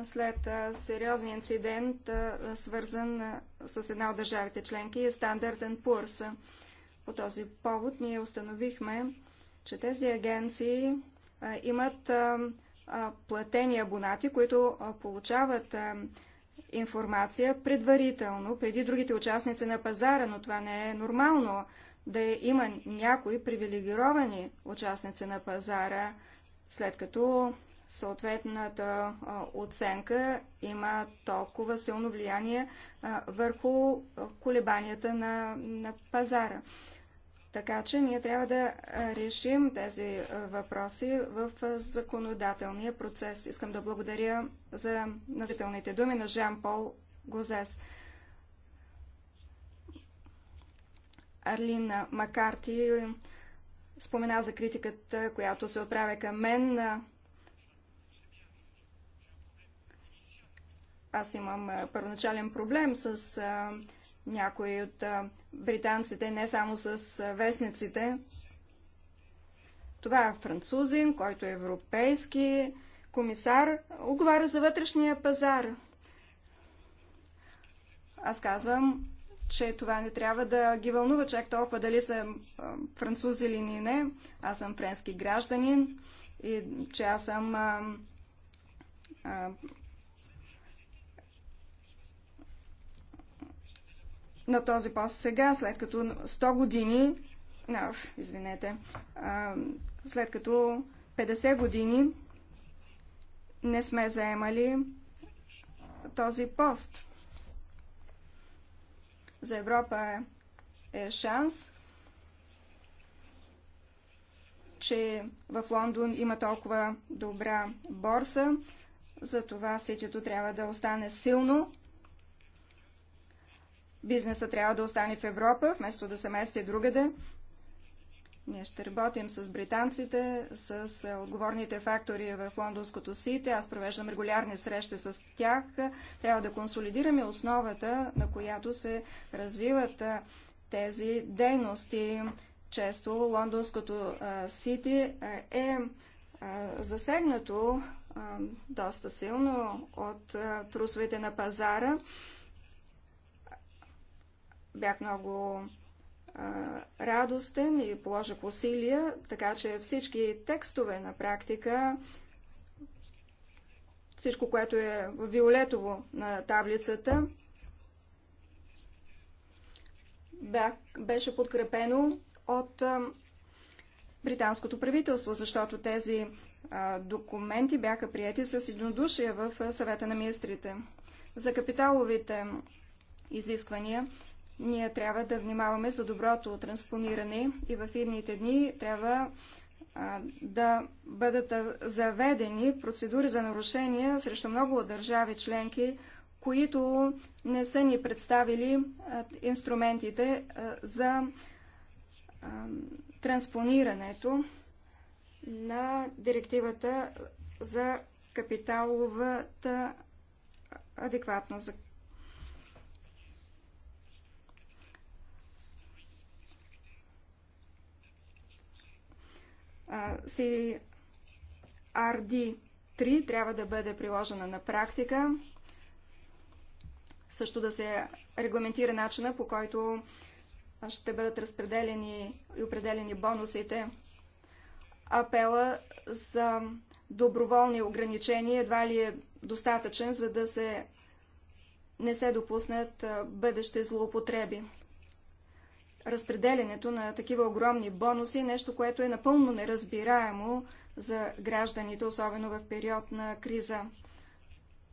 Speaker 2: след сериозния инцидент, свързан с една от държавите членки, е Standard Poor's. По този повод ние установихме, че тези агенции имат платени абонати, които получават информация предварително, преди другите участници на пазара, но това не е нормално да има някои привилегировани участници на пазара, след като съответната оценка има толкова силно влияние върху колебанията на, на пазара. Така че ние трябва да решим тези въпроси в законодателния процес. Искам да благодаря за назителните думи на Жан-Пол Гозес. Арлин Макарти е, спомена за критиката, която се отправя към мен. Е, аз имам е, първоначален проблем с някои от британците, не само с вестниците. Това е французин, който е европейски комисар, оговаря за вътрешния пазар. Аз казвам, че това не трябва да ги вълнува чак толкова дали са французи или не. Аз съм френски гражданин и че аз съм а, а, на този пост сега, след като 100 години, а, извинете, а, след като 50 години не сме заемали този пост за Европа е шанс, че в Лондон има толкова добра борса, затова ситито трябва да остане силно. Бизнесът трябва да остане в Европа, вместо да се мести другаде. Ние ще работим с британците, с е, отговорните фактори в лондонското сите. Аз провеждам регулярни срещи с тях. Трябва да консолидираме основата, на която се развиват е, тези дейности. Често лондонското е, сити е засегнато доста силно от трусовете на пазара. Бях много радостен и положих усилия, така че всички текстове на практика, всичко, което е в виолетово на таблицата, беше подкрепено от британското правителство, защото тези документи бяха прияти с единодушие в съвета на министрите. За капиталовите изисквания ние трябва да внимаваме за доброто транспониране и в идните дни трябва да бъдат заведени процедури за нарушения срещу много държави членки, които не са ни представили инструментите за транспонирането на директивата за капиталовата адекватност, за CRD3 трябва да бъде приложена на практика. Също да се регламентира начина, по който ще бъдат разпределени и определени бонусите. Апела за доброволни ограничения едва ли е достатъчен, за да се не се допуснат бъдещи злоупотреби разпределенето на такива огромни бонуси е нещо, което е напълно неразбираемо за гражданите, особено в период на криза.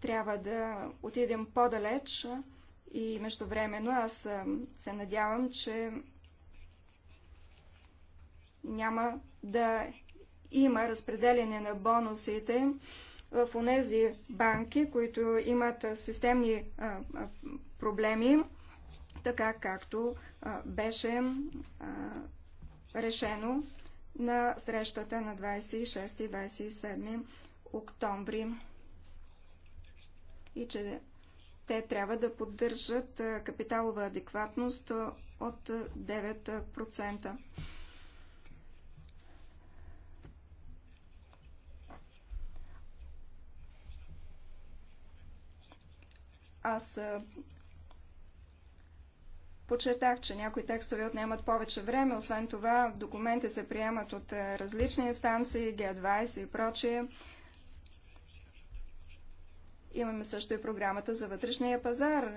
Speaker 2: Трябва да отидем по-далеч и междувременно аз се надявам, че няма да има разпределение на бонусите в онези банки, които имат системни проблеми така както беше решено на срещата на 26 и 27 октомври и че те трябва да поддържат капиталова адекватност от 9%. Аз Подчертах, че някои текстове отнемат повече време, освен това документи се приемат от е, различни инстанции, g 20 и прочие. Имаме също и програмата за вътрешния пазар.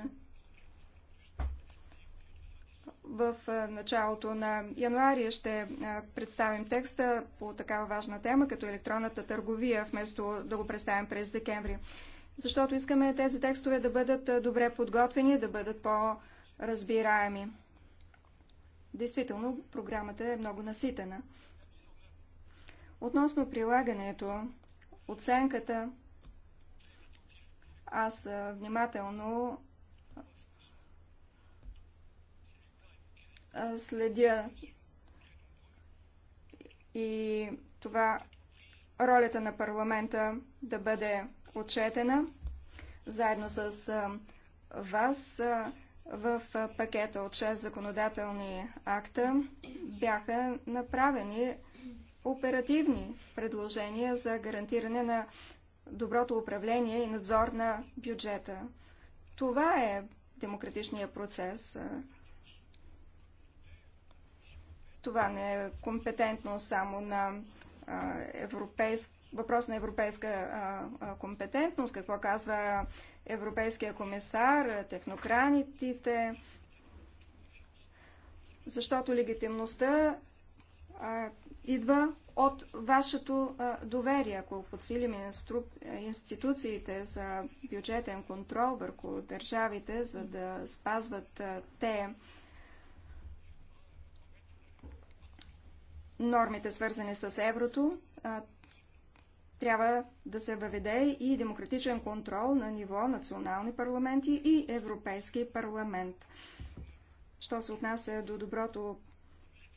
Speaker 2: В е, началото на януари ще е, представим текста по такава важна тема, като електронната търговия, вместо да го представим през декември. Защото искаме тези текстове да бъдат добре подготвени, да бъдат по- разбираеми. Действително, програмата е много наситена. Относно прилагането, оценката, аз внимателно следя и това ролята на парламента да бъде отчетена заедно с вас в пакета от 6 законодателни акта бяха направени оперативни предложения за гарантиране на доброто управление и надзор на бюджета. Това е демократичния процес. Това не е компетентно само на европейски въпрос на европейска компетентност, какво казва европейския комисар, технокранитите, защото легитимността идва от вашето доверие. Ако подсилим институциите за бюджетен контрол върху държавите, за да спазват те нормите, свързани с еврото, трябва да се въведе и демократичен контрол на ниво национални парламенти и Европейски парламент. Що се отнася до доброто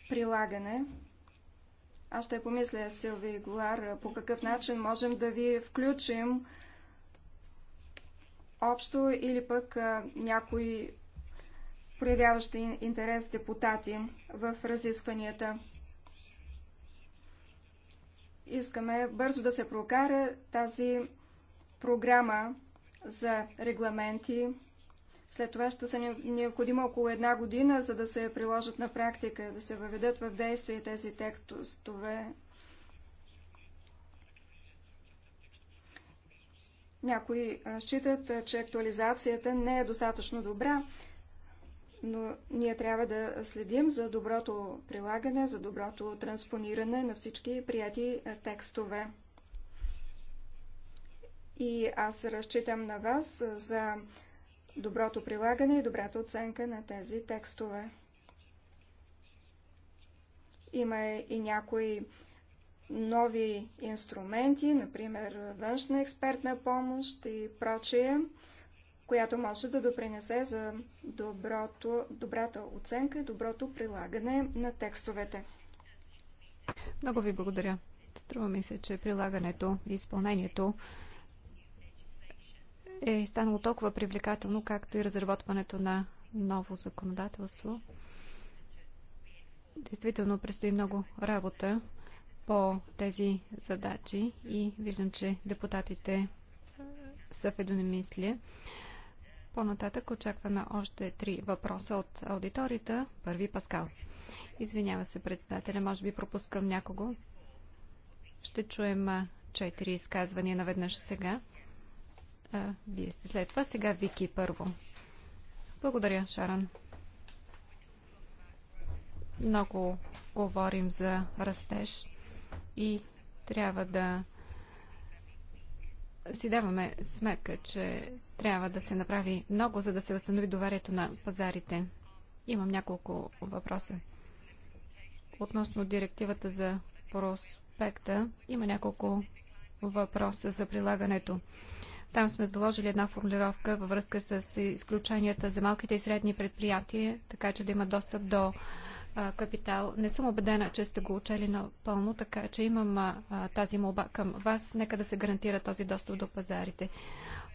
Speaker 2: прилагане, аз ще помисля, Силви Голар, по какъв начин можем да ви включим общо или пък някои проявяващи интерес депутати в разискванията. Искаме бързо да се прокара тази програма за регламенти. След това ще са необходимо около една година, за да се приложат на практика, да се въведат в действие тези текстове. Някои считат, че актуализацията не е достатъчно добра, но ние трябва да следим за доброто прилагане, за доброто транспониране на всички прияти е, текстове. И аз разчитам на вас е, за доброто прилагане и добрата оценка на тези текстове. Има и някои нови инструменти, например външна експертна помощ и прочие която може да допринесе за доброто, добрата оценка и доброто прилагане на текстовете.
Speaker 1: Много ви благодаря. Струва ми се, че прилагането и изпълнението е станало толкова привлекателно, както и разработването на ново законодателство. Действително предстои много работа по тези задачи и виждам, че депутатите са в единомислие. По-нататък очакваме още три въпроса от аудиторията. Първи Паскал. Извинява се председателя, може би пропускам някого. Ще чуем четири изказвания наведнъж сега. А, вие сте след това. Сега Вики първо. Благодаря, Шаран. Много говорим за растеж и трябва да си даваме сметка, че трябва да се направи много, за да се възстанови доверието на пазарите. Имам няколко въпроса. Относно директивата за проспекта, има няколко въпроса за прилагането. Там сме заложили една формулировка във връзка с изключенията за малките и средни предприятия, така че да има достъп до капитал. Не съм убедена, че сте го учели напълно, така че имам тази молба към вас. Нека да се гарантира този достъп до пазарите.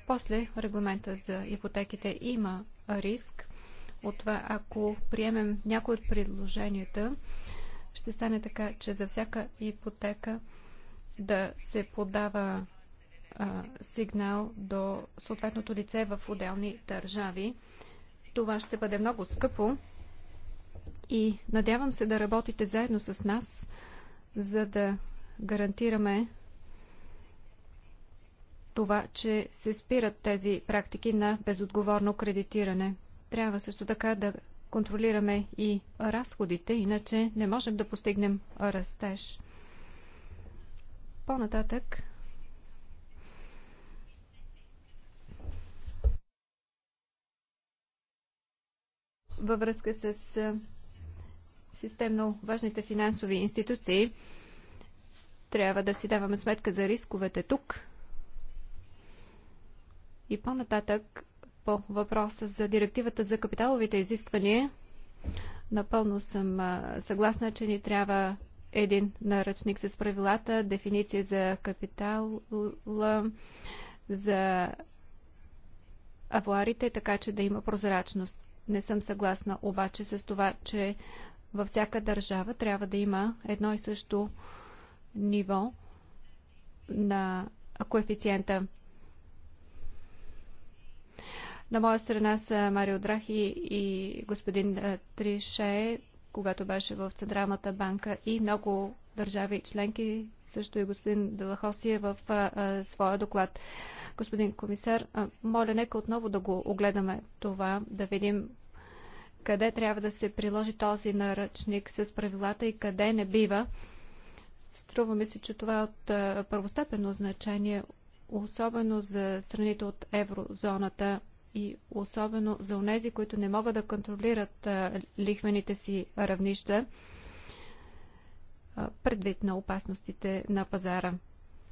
Speaker 1: После регламента за ипотеките има риск от това, ако приемем някои от предложенията, ще стане така, че за всяка ипотека да се подава а, сигнал до съответното лице в отделни държави. Това ще бъде много скъпо и надявам се да работите заедно с нас, за да гарантираме това, че се спират тези практики на безотговорно кредитиране. Трябва също така да контролираме и разходите, иначе не можем да постигнем растеж. По-нататък във връзка с системно важните финансови институции, трябва да си даваме сметка за рисковете тук. И по-нататък, по въпроса за директивата за капиталовите изисквания, напълно съм съгласна, че ни трябва един наръчник с правилата, дефиниция за капитала, за авуарите, така че да има прозрачност. Не съм съгласна обаче с това, че във всяка държава трябва да има едно и също ниво на коефициента. На моя страна са Марио Драхи и господин Трише, когато беше в Централната банка и много държави и членки, също и господин Делахоси е в а, а, своя доклад. Господин комисар, а, моля, нека отново да го огледаме това, да видим къде трябва да се приложи този наръчник с правилата и къде не бива. Струва ми се, че това е от е, първостепенно значение, особено за страните от еврозоната и особено за онези, които не могат да контролират е, лихвените си равнища е, предвид на опасностите на пазара.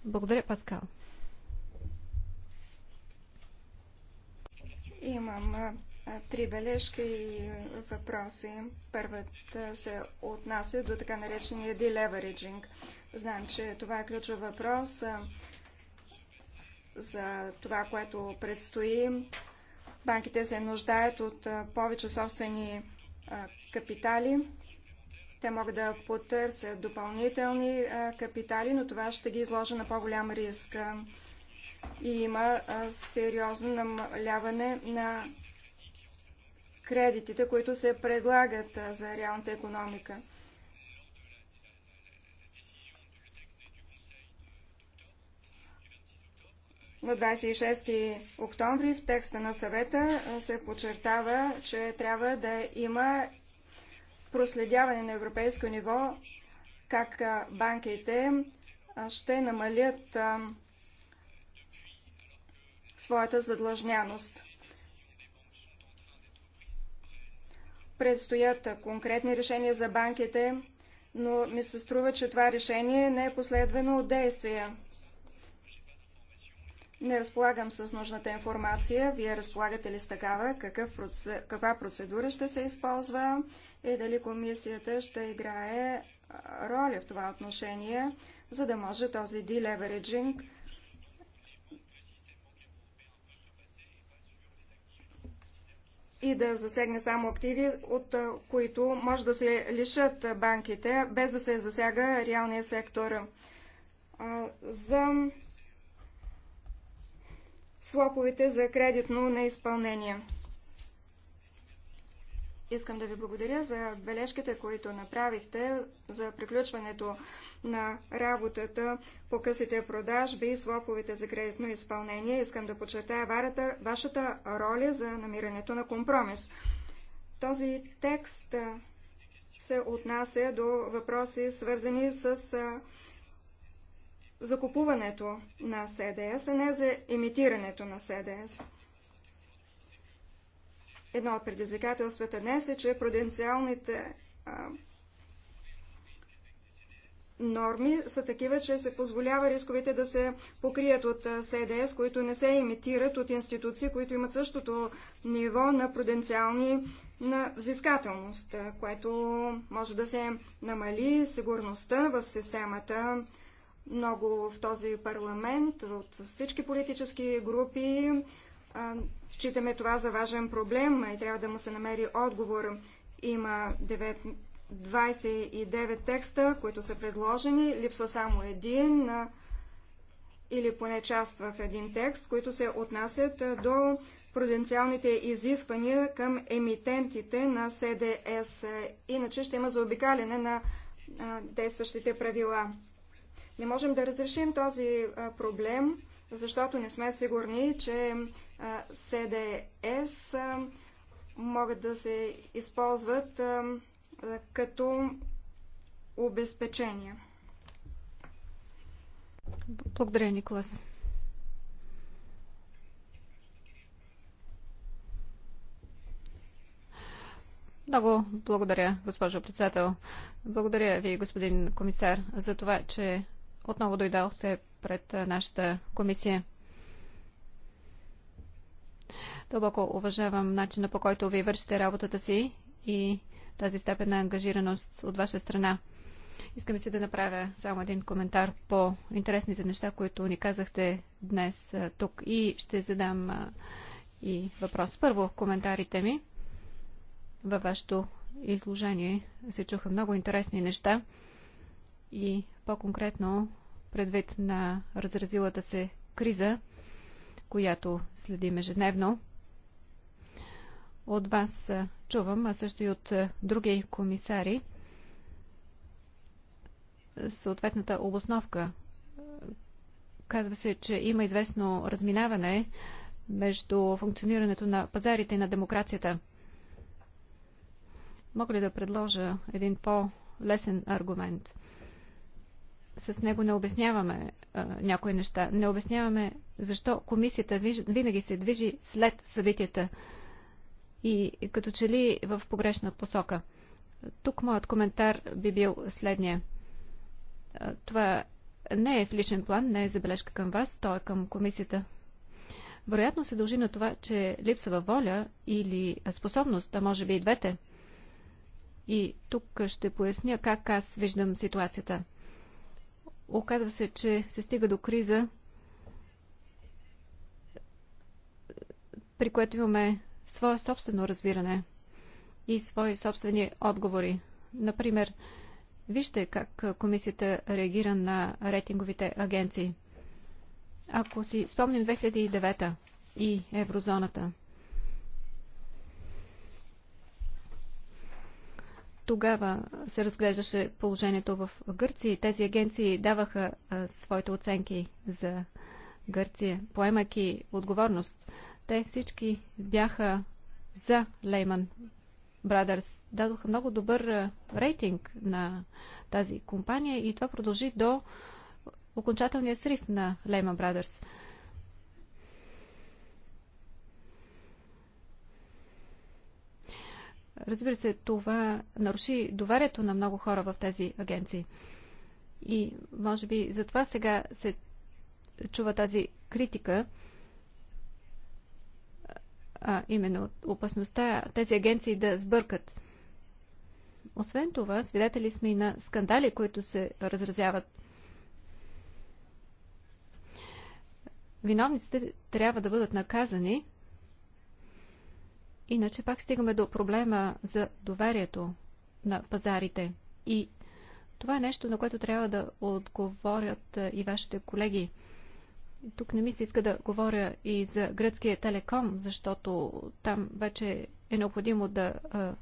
Speaker 1: Благодаря, Паскал.
Speaker 2: Имам три бележки и въпроси. Първата се отнася до така наречения делевериджинг. Знам, че това е ключов въпрос за това, което предстои. Банките се нуждаят от повече собствени капитали. Те могат да потърсят допълнителни капитали, но това ще ги изложи на по-голям риск. И има сериозно намаляване на кредитите, които се предлагат за реалната економика. На 26 октомври в текста на съвета се подчертава, че трябва да има проследяване на европейско ниво, как банките ще намалят своята задлъжняност. Предстоят конкретни решения за банките, но ми се струва, че това решение не е последвано от действия. Не разполагам с нужната информация. Вие разполагате ли с такава? Какъв, каква процедура ще се използва? И дали комисията ще играе роля в това отношение, за да може този делевериджинг и да засегне само активи, от които може да се лишат банките, без да се засяга реалния сектор. За слоповете за кредитно неизпълнение. Искам да ви благодаря за бележките, които направихте за приключването на работата по късите продажби и слоповете за кредитно изпълнение. Искам да подчертая варата, вашата роля за намирането на компромис. Този текст се отнася до въпроси, свързани с закупуването на СДС, а не за имитирането на СДС. Едно от предизвикателствата днес е, че пруденциалните норми са такива, че се позволява рисковете да се покрият от СДС, които не се имитират от институции, които имат същото ниво на пруденциални на взискателност, което може да се намали сигурността в системата. Много в този парламент, от всички политически групи, Считаме това за важен проблем и трябва да му се намери отговор. Има 9, 29 текста, които са предложени. Липсва само един или поне част в един текст, които се отнасят до пруденциалните изисквания към емитентите на СДС. Иначе ще има заобикаляне на действащите правила. Не можем да разрешим този проблем защото не сме сигурни, че СДС могат да се използват като обезпечение.
Speaker 1: Благодаря, Николас. Много благодаря, госпожо председател. Благодаря ви, господин комисар, за това, че отново дойдохте пред нашата комисия. Дълбоко уважавам начина по който вие вършите работата си и тази степен на ангажираност от ваша страна. Искам си да направя само един коментар по интересните неща, които ни казахте днес тук и ще задам и въпрос. Първо, коментарите ми във вашето изложение се чуха много интересни неща и по-конкретно предвид на разразилата се криза, която следим ежедневно. От вас чувам, а също и от други комисари, съответната обосновка. Казва се, че има известно разминаване между функционирането на пазарите и на демокрацията. Мога ли да предложа един по-лесен аргумент? с него не обясняваме а, някои неща. Не обясняваме защо комисията винаги се движи след събитията и като че ли в погрешна посока. Тук моят коментар би бил следния. Това не е в личен план, не е забележка към вас, то е към комисията. Вероятно се дължи на това, че липсва воля или способност, а може би и двете. И тук ще поясня как аз виждам ситуацията – Оказва се, че се стига до криза, при което имаме свое собствено разбиране и свои собствени отговори. Например, вижте как комисията реагира на рейтинговите агенции. Ако си спомним 2009 и еврозоната – Тогава се разглеждаше положението в Гърция и тези агенции даваха а, своите оценки за Гърция, поемайки отговорност. Те всички бяха за Лейман Брадърс. Дадоха много добър а, рейтинг на тази компания и това продължи до окончателния срив на Лейман Брадърс. Разбира се, това наруши доверието на много хора в тези агенции. И може би затова сега се чува тази критика, а именно опасността тези агенции да сбъркат. Освен това, свидетели сме и на скандали, които се разразяват. Виновниците трябва да бъдат наказани – Иначе пак стигаме до проблема за доверието на пазарите. И това е нещо, на което трябва да отговорят и вашите колеги. Тук не ми се иска да говоря и за гръцкия телеком, защото там вече е необходимо да а,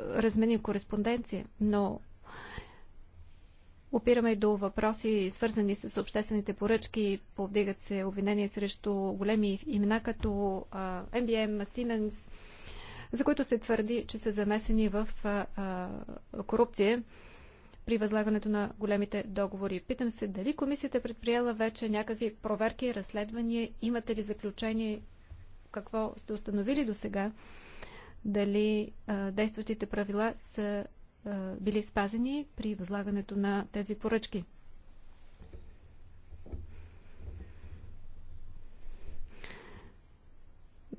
Speaker 1: разменим кореспонденция, но Опираме до въпроси, свързани с обществените поръчки. Повдигат се обвинения срещу големи имена като MBM, Siemens, за които се твърди, че са замесени в корупция при възлагането на големите договори. Питам се дали комисията е предприела вече някакви проверки, разследвания, имате ли заключение, какво сте установили до сега, дали а, действащите правила са били спазени при възлагането на тези поръчки.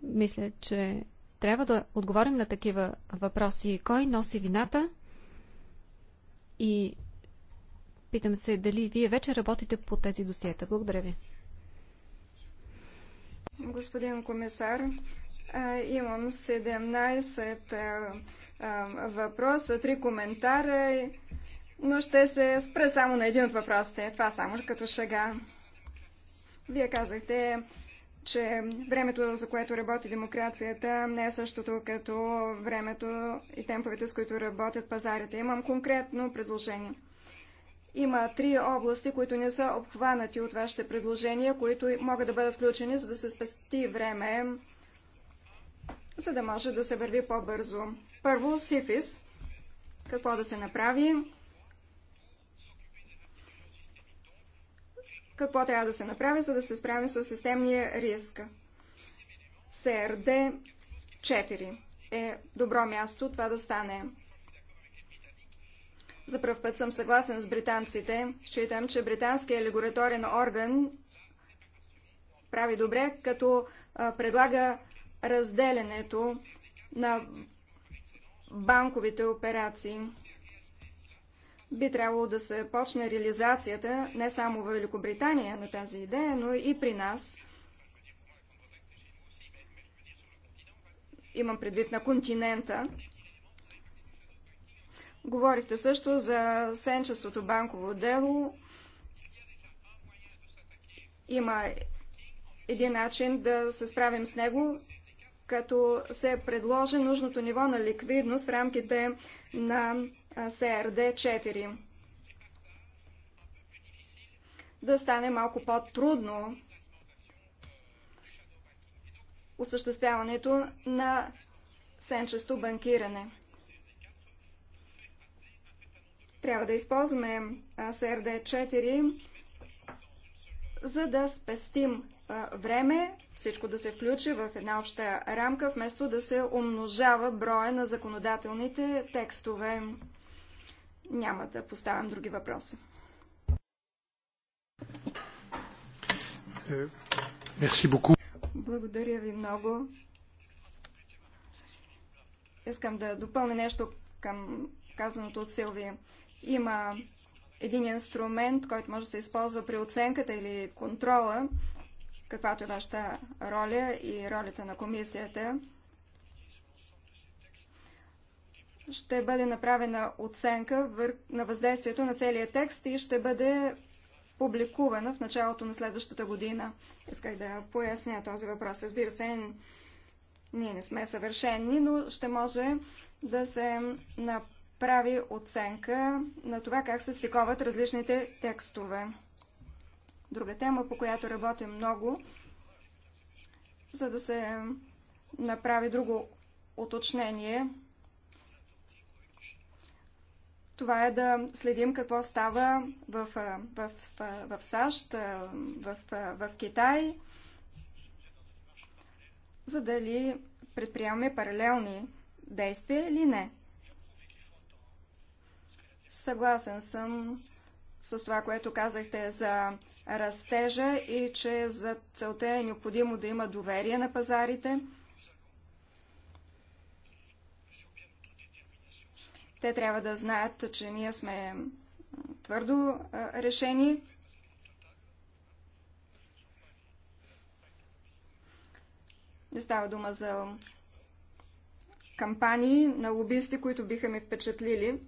Speaker 1: Мисля, че трябва да отговорим на такива въпроси. Кой носи вината? И питам се дали вие вече работите по тези досиета. Благодаря ви.
Speaker 2: Господин комисар, имам 17 въпроса, три коментара, но ще се спра само на един от въпросите. Това само като шага. Вие казахте, че времето, за което работи демокрацията, не е същото като времето и темповете, с които работят пазарите. Имам конкретно предложение. Има три области, които не са обхванати от вашите предложения, които могат да бъдат включени, за да се спести време, за да може да се върви по-бързо. Първо, СИФИС. Какво да се направи? Какво трябва да се направи, за да се справим с системния риск? СРД 4 е добро място това да стане. За пръв път съм съгласен с британците. Считам, че британският лигураторен орган прави добре, като предлага разделенето на банковите операции. Би трябвало да се почне реализацията не само в Великобритания на тази идея, но и при нас. Имам предвид на континента. Говорихте също за сенчестото банково дело. Има един начин да се справим с него като се предложи нужното ниво на ликвидност в рамките на CRD-4. Да стане малко по-трудно осъществяването на сенчесто банкиране. Трябва да използваме CRD-4, за да спестим време всичко да се включи в една обща рамка, вместо да се умножава броя на законодателните текстове. Няма да поставям други въпроси. Благодаря ви много. Искам да допълня нещо към казаното от Силвия. Има един инструмент, който може да се използва при оценката или контрола каквато е вашата роля и ролята на комисията. Ще бъде направена оценка на въздействието на целият текст и ще бъде публикувана в началото на следващата година. Исках да поясня този въпрос. Разбира се, ние не сме съвършени, но ще може да се направи оценка на това как се стиковат различните текстове друга тема, по която работим много, за да се направи друго уточнение. Това е да следим какво става в, в, в, в САЩ, в, в Китай, за дали предприемаме паралелни действия или не. Съгласен съм с това, което казахте за растежа и че за целта е необходимо да има доверие на пазарите. Те трябва да знаят, че ние сме твърдо решени. Не става дума за кампании на лобисти, които биха ми впечатлили.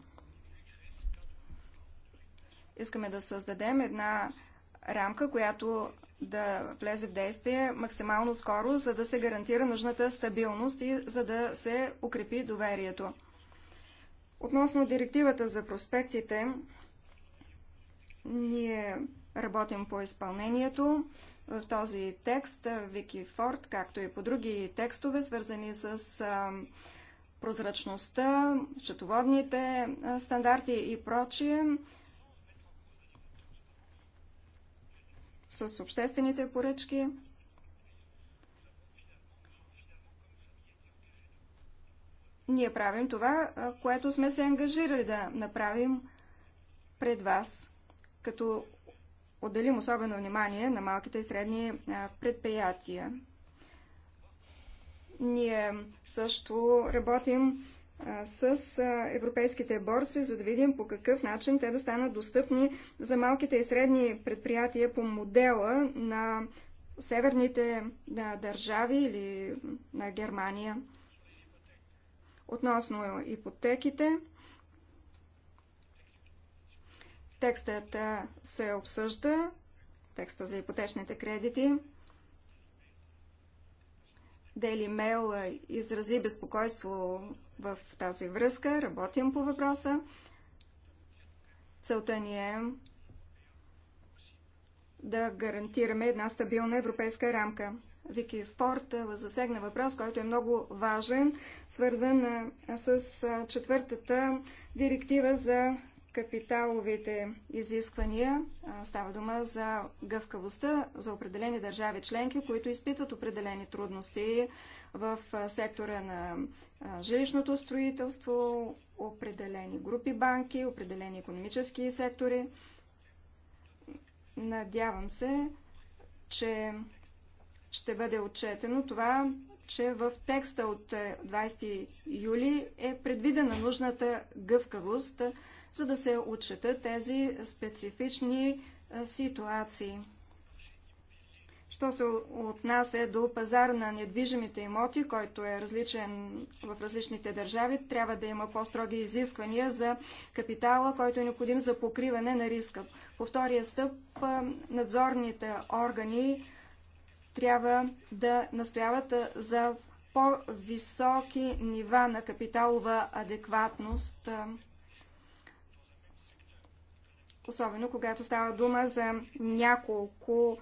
Speaker 2: Искаме да създадем една рамка, която да влезе в действие максимално скоро, за да се гарантира нужната стабилност и за да се укрепи доверието. Относно директивата за проспектите, ние работим по изпълнението. В този текст Вики Форд, както и по други текстове, свързани с прозрачността, счетоводните стандарти и прочие, с обществените поръчки. Ние правим това, което сме се ангажирали да направим пред вас, като отделим особено внимание на малките и средни предприятия. Ние също работим с европейските борси, за да видим по какъв начин те да станат достъпни за малките и средни предприятия по модела на северните държави или на Германия. Относно ипотеките, текстът се обсъжда, текста за ипотечните кредити. Daily Mail изрази безпокойство в тази връзка работим по въпроса. Целта ни е да гарантираме една стабилна европейска рамка. Вики Форд засегна въпрос, който е много важен, свързан с четвъртата директива за капиталовите изисквания. Става дума за гъвкавостта за определени държави членки, които изпитват определени трудности в сектора на жилищното строителство, определени групи банки, определени економически сектори. Надявам се, че ще бъде отчетено това, че в текста от 20 е, юли е предвидена нужната гъвкавост, за да се отчетат тези специфични ситуации. Що се отнася до пазар на недвижимите имоти, който е различен в различните държави, трябва да има по-строги изисквания за капитала, който е необходим за покриване на риска. По втория стъп, надзорните органи трябва да настояват за по-високи нива на капиталова адекватност, особено когато става дума за няколко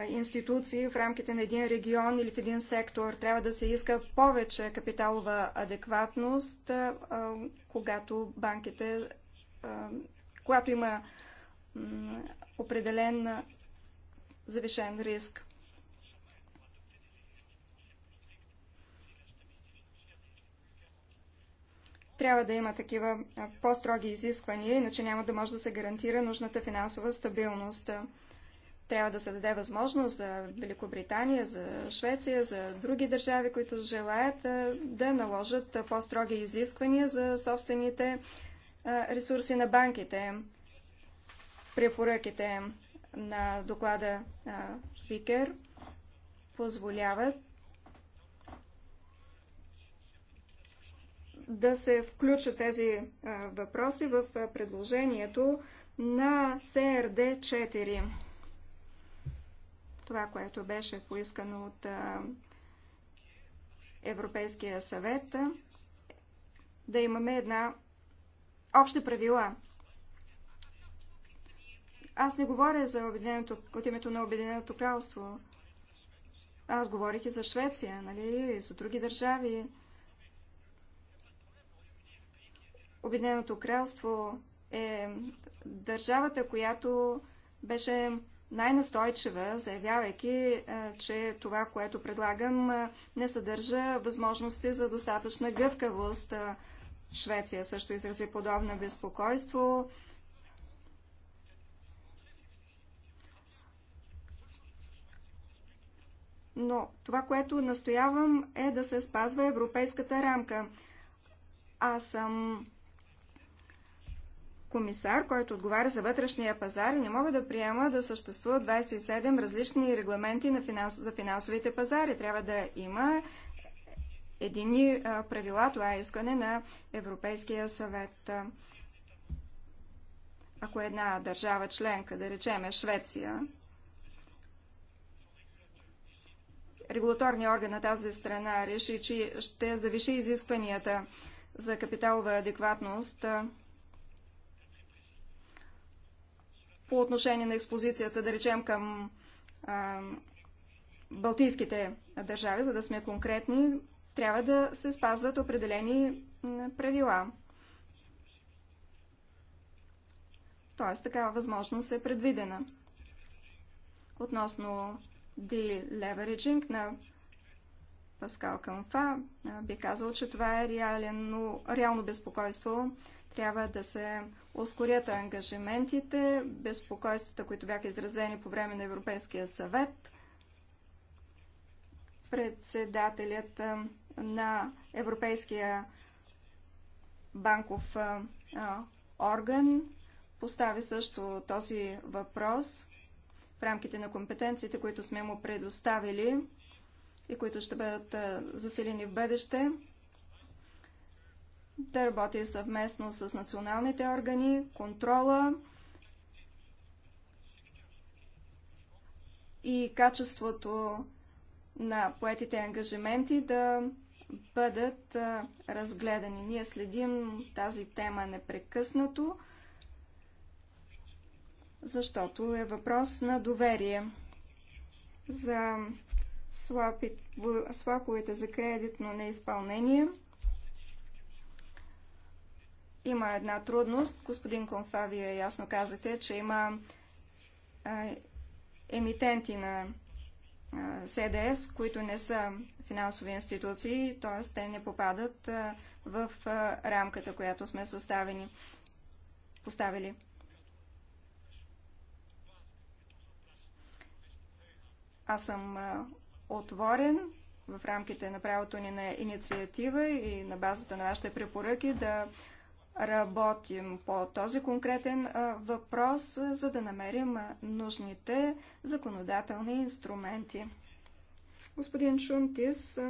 Speaker 2: институции в рамките на един регион или в един сектор. Трябва да се иска повече капиталова адекватност, когато банките, когато има определен завишен риск. Трябва да има такива по-строги изисквания, иначе няма да може да се гарантира нужната финансова стабилност. Трябва да се даде възможност за Великобритания, за Швеция, за други държави, които желаят да наложат по-строги изисквания за собствените ресурси на банките. Препоръките на доклада Фикер позволяват да се включат тези въпроси в предложението на СРД 4 това, което беше поискано от Европейския съвет, да имаме една обща правила. Аз не говоря за обединеното, от името на Обединеното кралство. Аз говорих и за Швеция, нали, и за други държави. Обединеното кралство е държавата, която беше най-настойчива, заявявайки, е, че това, което предлагам, е, не съдържа възможности за достатъчна гъвкавост. Е, Швеция също изрази подобно безпокойство. Но това, което настоявам, е да се спазва европейската рамка. Аз съм комисар, който отговаря за вътрешния пазар и не мога да приема да съществуват 27 различни регламенти на финанс... за финансовите пазари. Трябва да има едини правила, това е искане на Европейския съвет. Ако една държава членка, да речеме Швеция, регулаторния орган на тази страна реши, че ще завиши изискванията за капиталова адекватност по отношение на експозицията, да речем към а, балтийските държави, за да сме конкретни, трябва да се спазват определени правила. Тоест, такава възможност е предвидена. Относно делевериджинг на Паскал Камфа би казал, че това е реално, реално безпокойство. Трябва да се ускорят ангажиментите, безпокойствата, които бяха изразени по време на Европейския съвет. Председателят на Европейския банков орган постави също този въпрос в рамките на компетенциите, които сме му предоставили и които ще бъдат заселени в бъдеще, да работи съвместно с националните органи, контрола и качеството на поетите ангажименти да бъдат разгледани. Ние следим тази тема непрекъснато, защото е въпрос на доверие за слаповете за кредитно неизпълнение. Има една трудност. Господин Конфа, вие ясно казахте, че има емитенти на СДС, които не са финансови институции, т.е. те не попадат в рамката, която сме съставени, поставили. Аз съм отворен в рамките на правото ни на инициатива и на базата на вашите препоръки да работим по този конкретен въпрос, за да намерим нужните законодателни инструменти. Господин Шунтис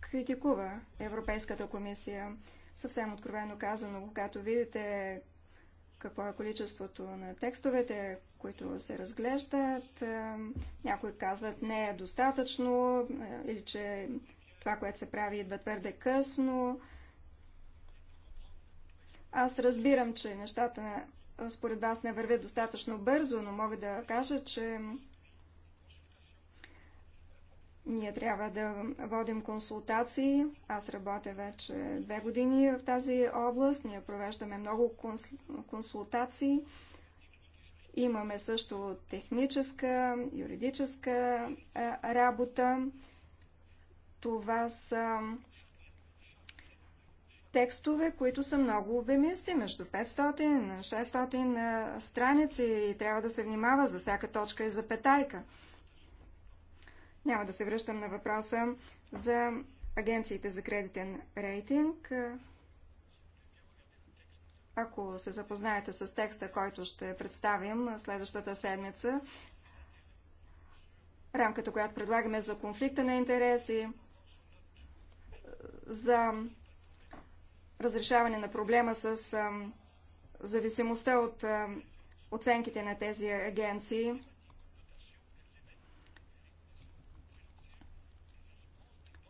Speaker 2: критикува Европейската комисия. Съвсем откровено казано, когато видите какво е количеството на текстовете, които се разглеждат. Е, някои казват, не е достатъчно е, или че това, което се прави, идва твърде късно. Аз разбирам, че нещата е, според вас не вървят достатъчно бързо, но мога да кажа, че ние трябва да водим консултации. Аз работя вече две години в тази област. Ние провеждаме много консултации Имаме също техническа, юридическа работа. Това са текстове, които са много обемисти, между 500-600 страници и трябва да се внимава за всяка точка и запетайка. Няма да се връщам на въпроса за агенциите за кредитен рейтинг. Ако се запознаете с текста, който ще представим следващата седмица, рамката, която предлагаме за конфликта на интереси, за разрешаване на проблема с зависимостта от оценките на тези агенции,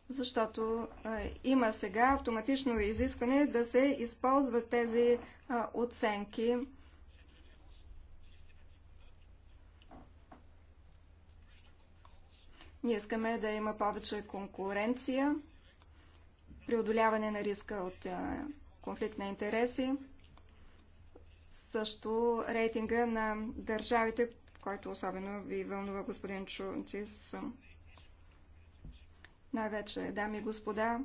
Speaker 2: защото има сега автоматично изискване да се използват тези оценки. Ние искаме да има повече конкуренция, преодоляване на риска от конфликт на интереси, също рейтинга на държавите, който особено ви вълнува господин Чунтис най-вече дами и господа,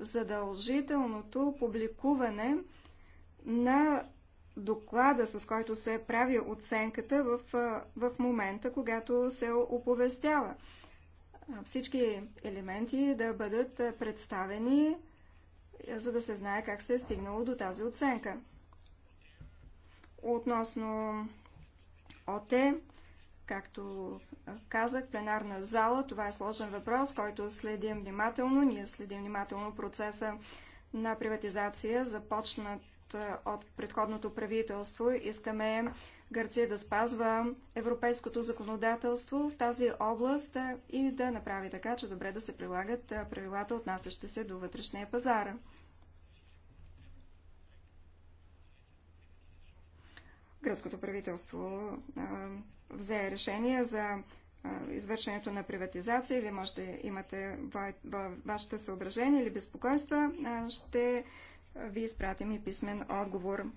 Speaker 2: задължителното публикуване на доклада, с който се прави оценката в, в момента, когато се оповестява. Всички елементи да бъдат представени, за да се знае как се е стигнало до тази оценка. Относно ОТ, Както казах, пленарна зала, това е сложен въпрос, който следим внимателно. Ние следим внимателно процеса на приватизация, започнат от предходното правителство. Искаме Гърция да спазва европейското законодателство в тази област и да направи така, че добре да се прилагат правилата, отнасящи се до вътрешния пазар. Гръцкото правителство а, взе решение за а, извършването на приватизация. Вие може да имате ва, ва, вашите съображения или безпокойства. А, ще ви изпратим и писмен отговор.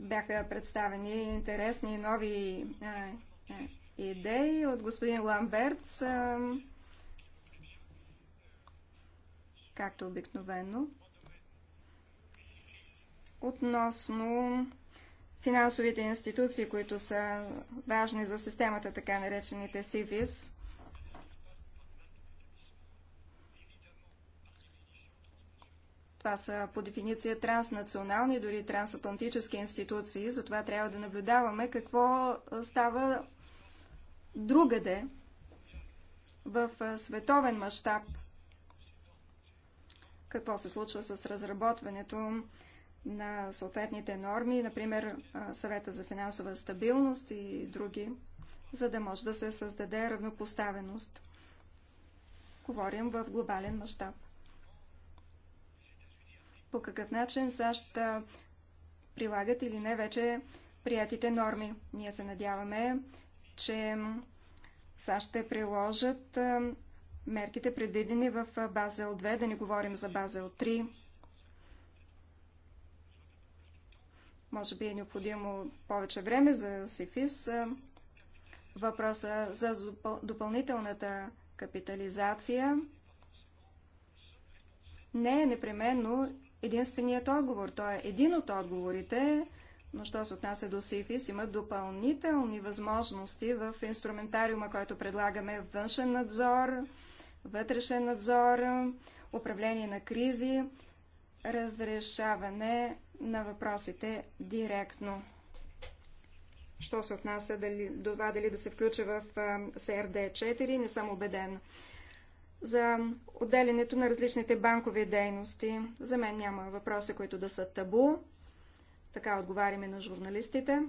Speaker 2: Бяха представени интересни нови а, идеи от господин Ламбертс, както обикновено относно финансовите институции, които са важни за системата, така наречените СИВИС. Това са по дефиниция транснационални, дори трансатлантически институции, затова трябва да наблюдаваме какво става другаде в световен мащаб, какво се случва с разработването на съответните норми, например съвета за финансова стабилност и други, за да може да се създаде равнопоставеност. Говорим в глобален мащаб. По какъв начин САЩ прилагат или не вече приятите норми? Ние се надяваме, че САЩ ще приложат мерките предвидени в Базел 2, да не говорим за Базел 3 Може би е необходимо повече време за СИФИС. Въпроса за допълнителната капитализация не е непременно единственият отговор. Той е един от отговорите, но що се отнася до СИФИС, има допълнителни възможности в инструментариума, който предлагаме външен надзор, вътрешен надзор, управление на кризи, разрешаване на въпросите директно. Що се отнася дали, до това дали да се включа в СРД-4, не съм убеден. За отделянето на различните банкови дейности, за мен няма въпроси, които да са табу. Така отговаряме на журналистите.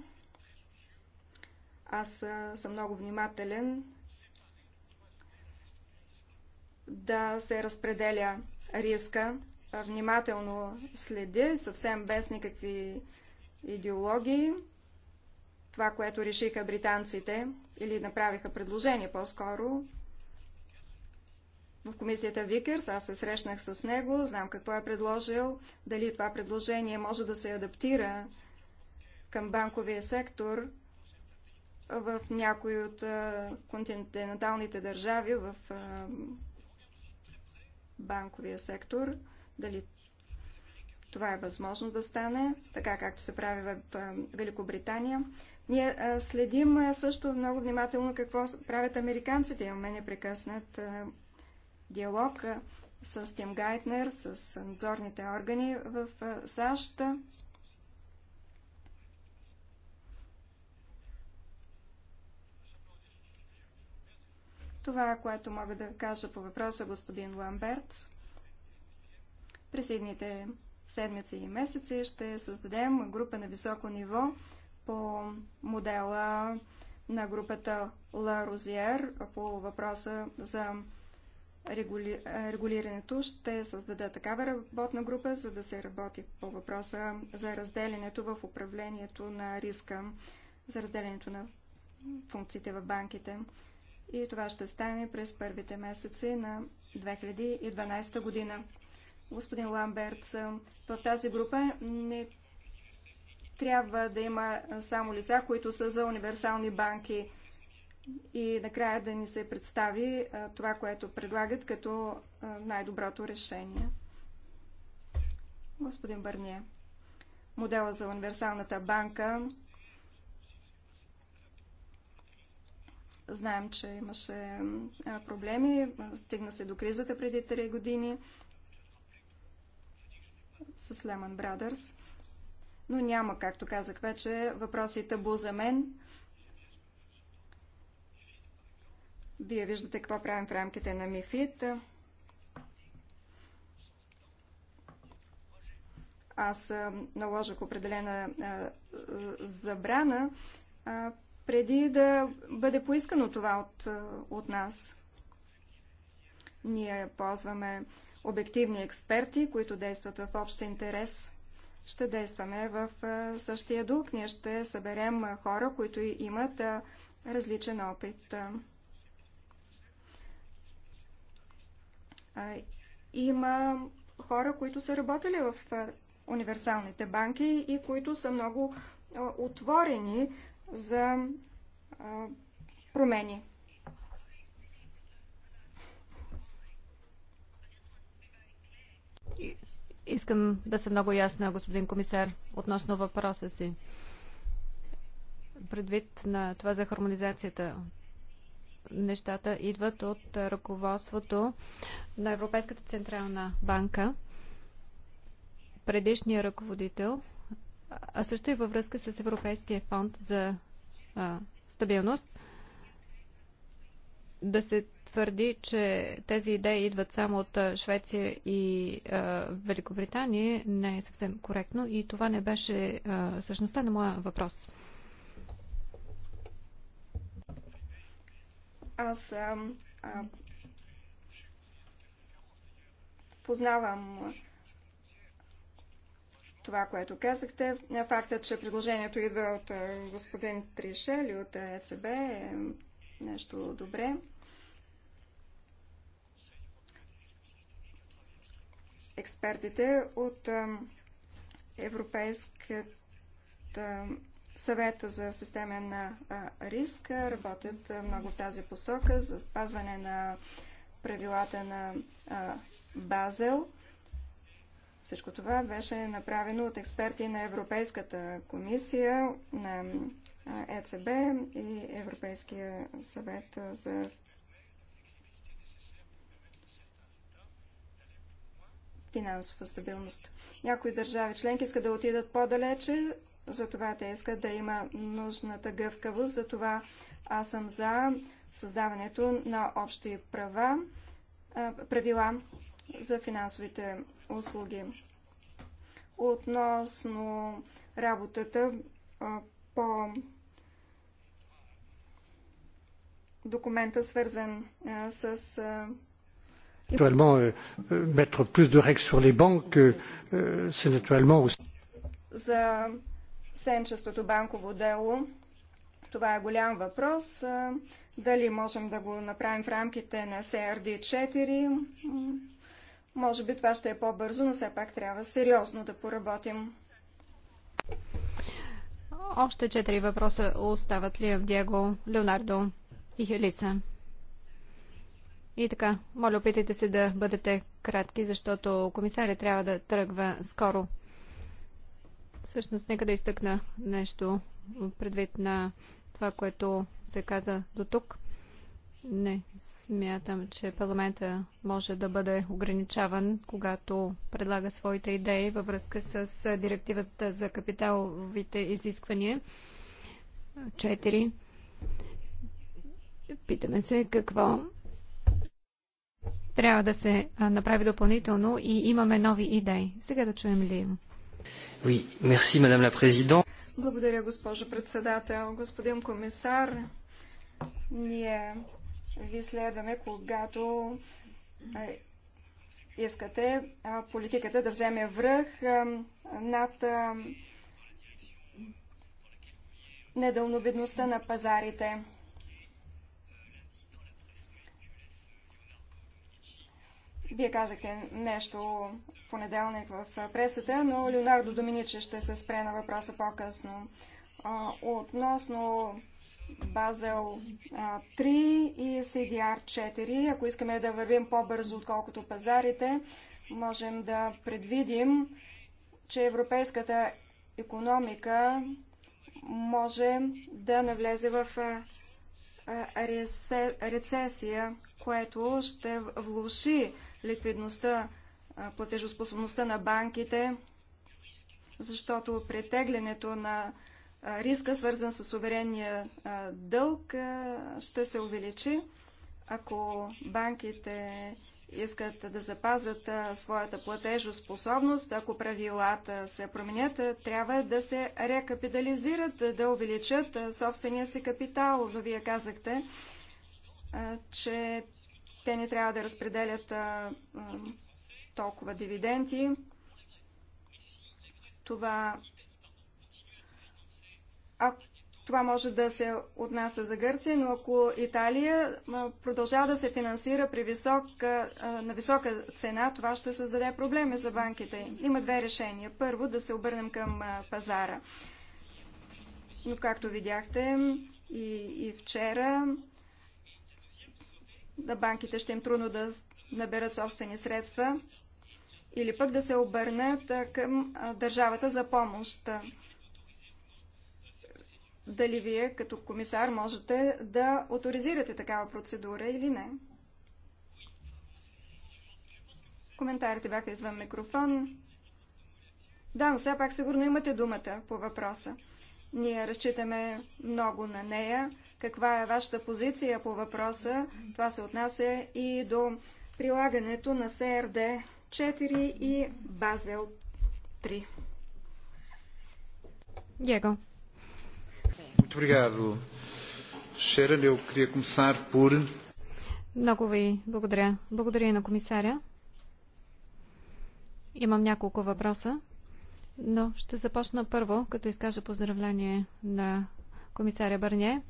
Speaker 2: Аз съм много внимателен да се разпределя риска внимателно следя, съвсем без никакви идеологии, това, което решиха британците, или направиха предложение по-скоро, в комисията Викерс, аз се срещнах с него, знам какво е предложил, дали това предложение може да се адаптира към банковия сектор в някои от континенталните държави, в банковия сектор дали това е възможно да стане, така както се прави в Великобритания. Ние следим също много внимателно какво правят американците. Имаме непрекъснат диалог с Тим Гайтнер, с надзорните органи в САЩ. Това, което мога да кажа по въпроса господин Ламбертс. През едните седмици и месеци ще създадем група на високо ниво по модела на групата Ла Розиер по въпроса за регули... регулирането. Ще създаде такава работна група, за да се работи по въпроса за разделенето в управлението на риска, за разделянето на функциите в банките. И това ще стане през първите месеци на 2012 година господин Ламберт. В тази група не трябва да има само лица, които са за универсални банки и накрая да ни се представи това, което предлагат като най-доброто решение. Господин Бърние, модела за универсалната банка. Знаем, че имаше проблеми. Стигна се до кризата преди 3 години с Lehman Brothers, но няма, както казах вече, въпроси е табу за мен. Вие виждате какво правим в рамките на МИФИТ. Аз наложих определена забрана преди да бъде поискано това от, от нас. Ние ползваме обективни експерти, които действат в общ интерес. Ще действаме в същия дух. Ние ще съберем хора, които имат различен опит. Има хора, които са работили в универсалните банки и които са много отворени за промени.
Speaker 1: Искам да съм много ясна, господин комисар, относно въпроса си. Предвид на това за хармонизацията, нещата идват от ръководството на Европейската централна банка. Предишният ръководител, а също и във връзка с Европейския фонд за а, стабилност, да се твърди, че тези идеи идват само от Швеция и а, Великобритания, не е съвсем коректно и това не беше а, същността на моя въпрос.
Speaker 2: Аз а, а, познавам това, което казахте. Фактът, че предложението идва от господин Тришел и от ЕЦБ е нещо добре. експертите от Европейският съвет за системен риск работят много в тази посока за спазване на правилата на Базел. Всичко това беше направено от експерти на Европейската комисия, на ЕЦБ и Европейския съвет за финансова стабилност. Някои държави членки искат да отидат по-далече, затова те искат да има нужната гъвкавост, затова аз съм за създаването на общи права, правила за финансовите услуги. Относно работата по документа, свързан с
Speaker 1: Naturellement, euh, euh, mettre plus de règles sur les banques, euh, c'est naturellement aussi.
Speaker 2: За сенчестото банково дело, това е голям въпрос. Дали можем да го направим в рамките на CRD4? Може би това ще е по-бързо, но все пак трябва сериозно да поработим.
Speaker 1: Още четири въпроса остават ли в Диего, Леонардо и Хелиса? И така, моля, опитайте се да бъдете кратки, защото комисаря трябва да тръгва скоро. Всъщност, нека да изтъкна нещо предвид на това, което се каза до тук. Не, смятам, че парламента може да бъде ограничаван, когато предлага своите идеи във връзка с директивата за капиталовите изисквания. 4. Питаме се какво трябва да се направи допълнително и имаме нови идеи. Сега да чуем ли? Oui, merci, la Благодаря,
Speaker 2: госпожо председател. Господин комисар, ние ви следваме, когато искате политиката да вземе връх над недълновидността на пазарите. Вие казахте нещо в понеделник в пресата, но Леонардо Доминиче ще се спре на въпроса по-късно. Относно Базел 3 и CDR 4, ако искаме да вървим по-бързо, отколкото пазарите, можем да предвидим, че европейската економика може да навлезе в рецесия, което ще влуши ликвидността, платежоспособността на банките, защото претеглянето на риска, свързан с суверенния дълг, ще се увеличи. Ако банките искат да запазят своята платежоспособност, ако правилата се променят, трябва да се рекапитализират, да увеличат собствения си капитал. Но вие казахте, че те не трябва да разпределят а, а, толкова дивиденти. Това, а, това може да се отнася за Гърция, но ако Италия а, продължава да се финансира при висока, а, на висока цена, това ще създаде проблеми за банките. Има две решения. Първо, да се обърнем към а, пазара. Но както видяхте и, и вчера, да банките ще им трудно да наберат собствени средства или пък да се обърнат към държавата за помощ. Дали вие като комисар можете да авторизирате такава процедура или не? Коментарите бяха извън микрофон. Да, но все пак сигурно имате думата по въпроса. Ние разчитаме много на нея каква е вашата позиция по въпроса. Това се отнася и до прилагането на СРД 4 и Базел 3. Диего. Muito obrigado. Sharon, eu queria começar por...
Speaker 1: Много ви благодаря. Благодаря и на комисаря. Имам няколко въпроса, но ще започна първо, като изкажа поздравление на комисаря Бърне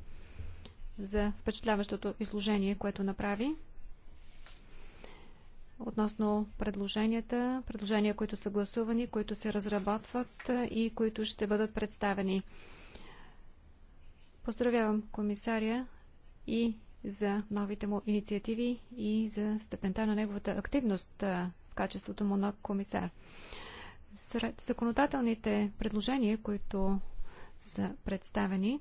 Speaker 1: за впечатляващото изложение, което направи относно предложенията, предложения, които са гласувани, които се разработват и които ще бъдат представени. Поздравявам комисаря и за новите му инициативи и за степента на неговата активност в качеството му на комисар. Сред законодателните предложения, които са представени,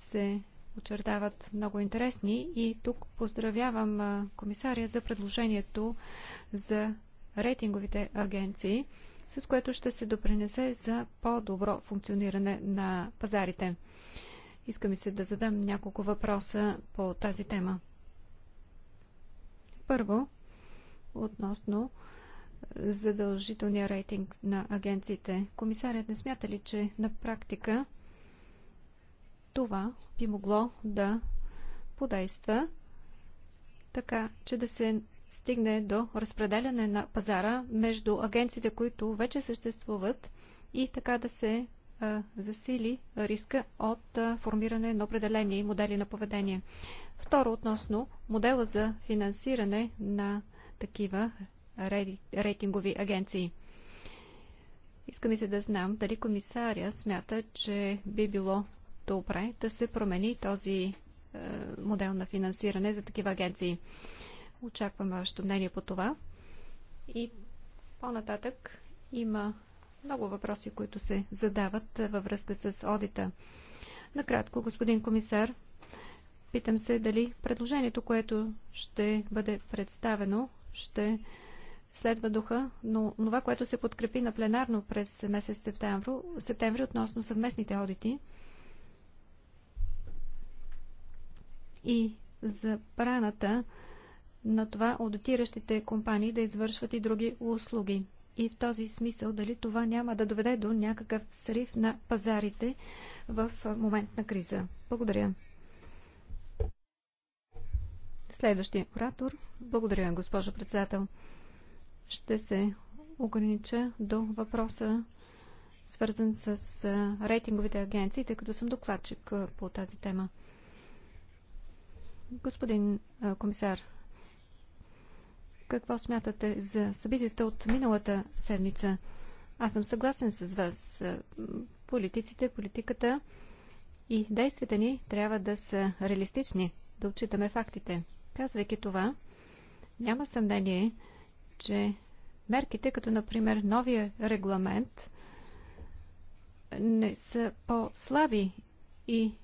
Speaker 1: се очертават много интересни и тук поздравявам комисария за предложението за рейтинговите агенции, с което ще се допринесе за по-добро функциониране на пазарите. Иска ми се да задам няколко въпроса по тази тема. Първо, относно задължителния рейтинг на агенциите. Комисарят не смята ли, че на практика това би могло да подейства така, че да се стигне до разпределяне на пазара между агенциите, които вече съществуват и така да се засили риска от формиране на определени модели на поведение. Второ, относно модела за финансиране на такива рейтингови агенции. Искам и се да знам дали комисаря смята, че би било добре да се промени този е, модел на финансиране за такива агенции. Очаквам вашето мнение по това. И по-нататък има много въпроси, които се задават е, във връзка с одита. Накратко, господин комисар, питам се дали предложението, което ще бъде представено, ще следва духа, но това, което се подкрепи на пленарно през месец септември, септември относно съвместните одити – и забраната на това аудитиращите компании да извършват и други услуги. И в този смисъл, дали това няма да доведе до някакъв срив на пазарите в момент на криза. Благодаря. Следващия оратор. Благодаря, госпожо председател. Ще се огранича до въпроса, свързан с рейтинговите агенции, тъй като съм докладчик по тази тема. Господин комисар, какво смятате за събитията от миналата седмица? Аз съм съгласен с вас. Политиците, политиката и действията ни трябва да са реалистични, да отчитаме фактите. Казвайки това, няма съмнение, че мерките, като например новия регламент, не са по-слаби и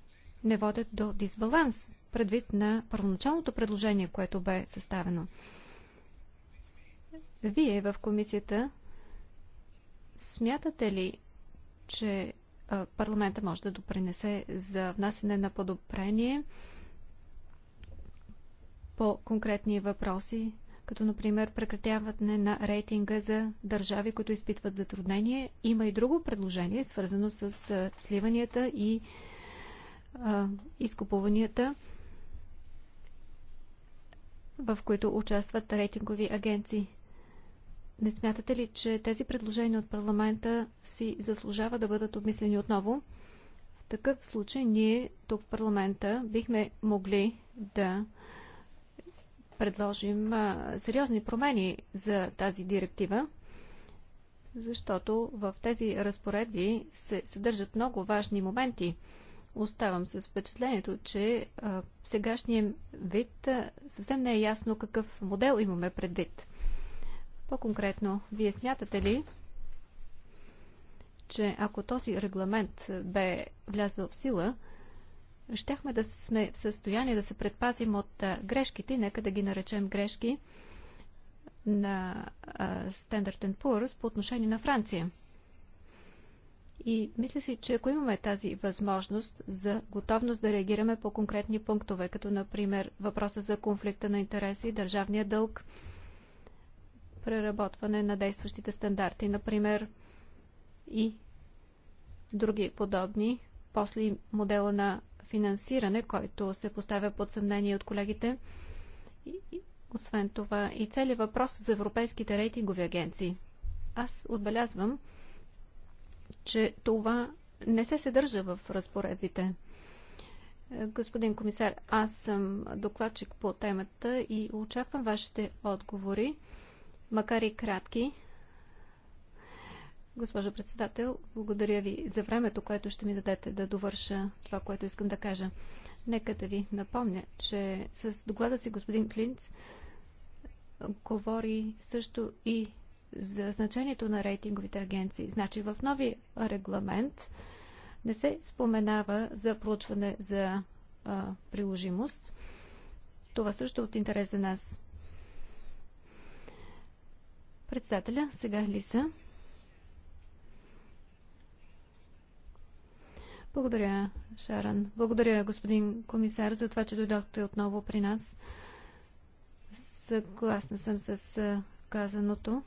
Speaker 1: не водят до дисбаланс предвид на първоначалното предложение, което бе съставено. Вие в комисията смятате ли, че парламента може да допринесе за внасене на подобрение по конкретни въпроси, като например прекратяване на рейтинга за държави, които изпитват затруднение. Има и друго предложение, свързано с сливанията и а, изкупуванията в които участват рейтингови агенции. Не смятате ли, че тези предложения от парламента си заслужава да бъдат обмислени отново? В такъв случай ние тук в парламента бихме могли да предложим сериозни промени за тази директива, защото в тези разпоредби се съдържат много важни моменти – Оставам с впечатлението, че в сегашния вид съвсем не е ясно какъв модел имаме предвид. По-конкретно, вие смятате ли, че ако този регламент бе влязъл в сила, щяхме да сме в състояние да се предпазим от грешките, нека да ги наречем грешки, на Standard Poor's по отношение на Франция – и мисля си, че ако имаме тази възможност за готовност да реагираме по конкретни пунктове, като например въпроса за конфликта на интереси, държавния дълг, преработване на действащите стандарти, например, и други подобни, после модела на финансиране, който се поставя под съмнение от колегите, и, освен това и целият въпрос за европейските рейтингови агенции. Аз отбелязвам, че това не се съдържа в разпоредбите. Е, господин комисар, аз съм докладчик по темата и очаквам вашите отговори, макар и кратки. Госпожо председател, благодаря ви за времето, което ще ми дадете да довърша това, което искам да кажа. Нека да ви напомня, че с доклада си господин Клинц говори също и за значението на рейтинговите агенции. Значи в нови регламент не се споменава за проучване за а, приложимост. Това също е от интерес за нас. Председателя, сега Лиса. Благодаря, Шаран. Благодаря, господин комисар, за това, че дойдохте отново при нас. Съгласна съм с казаното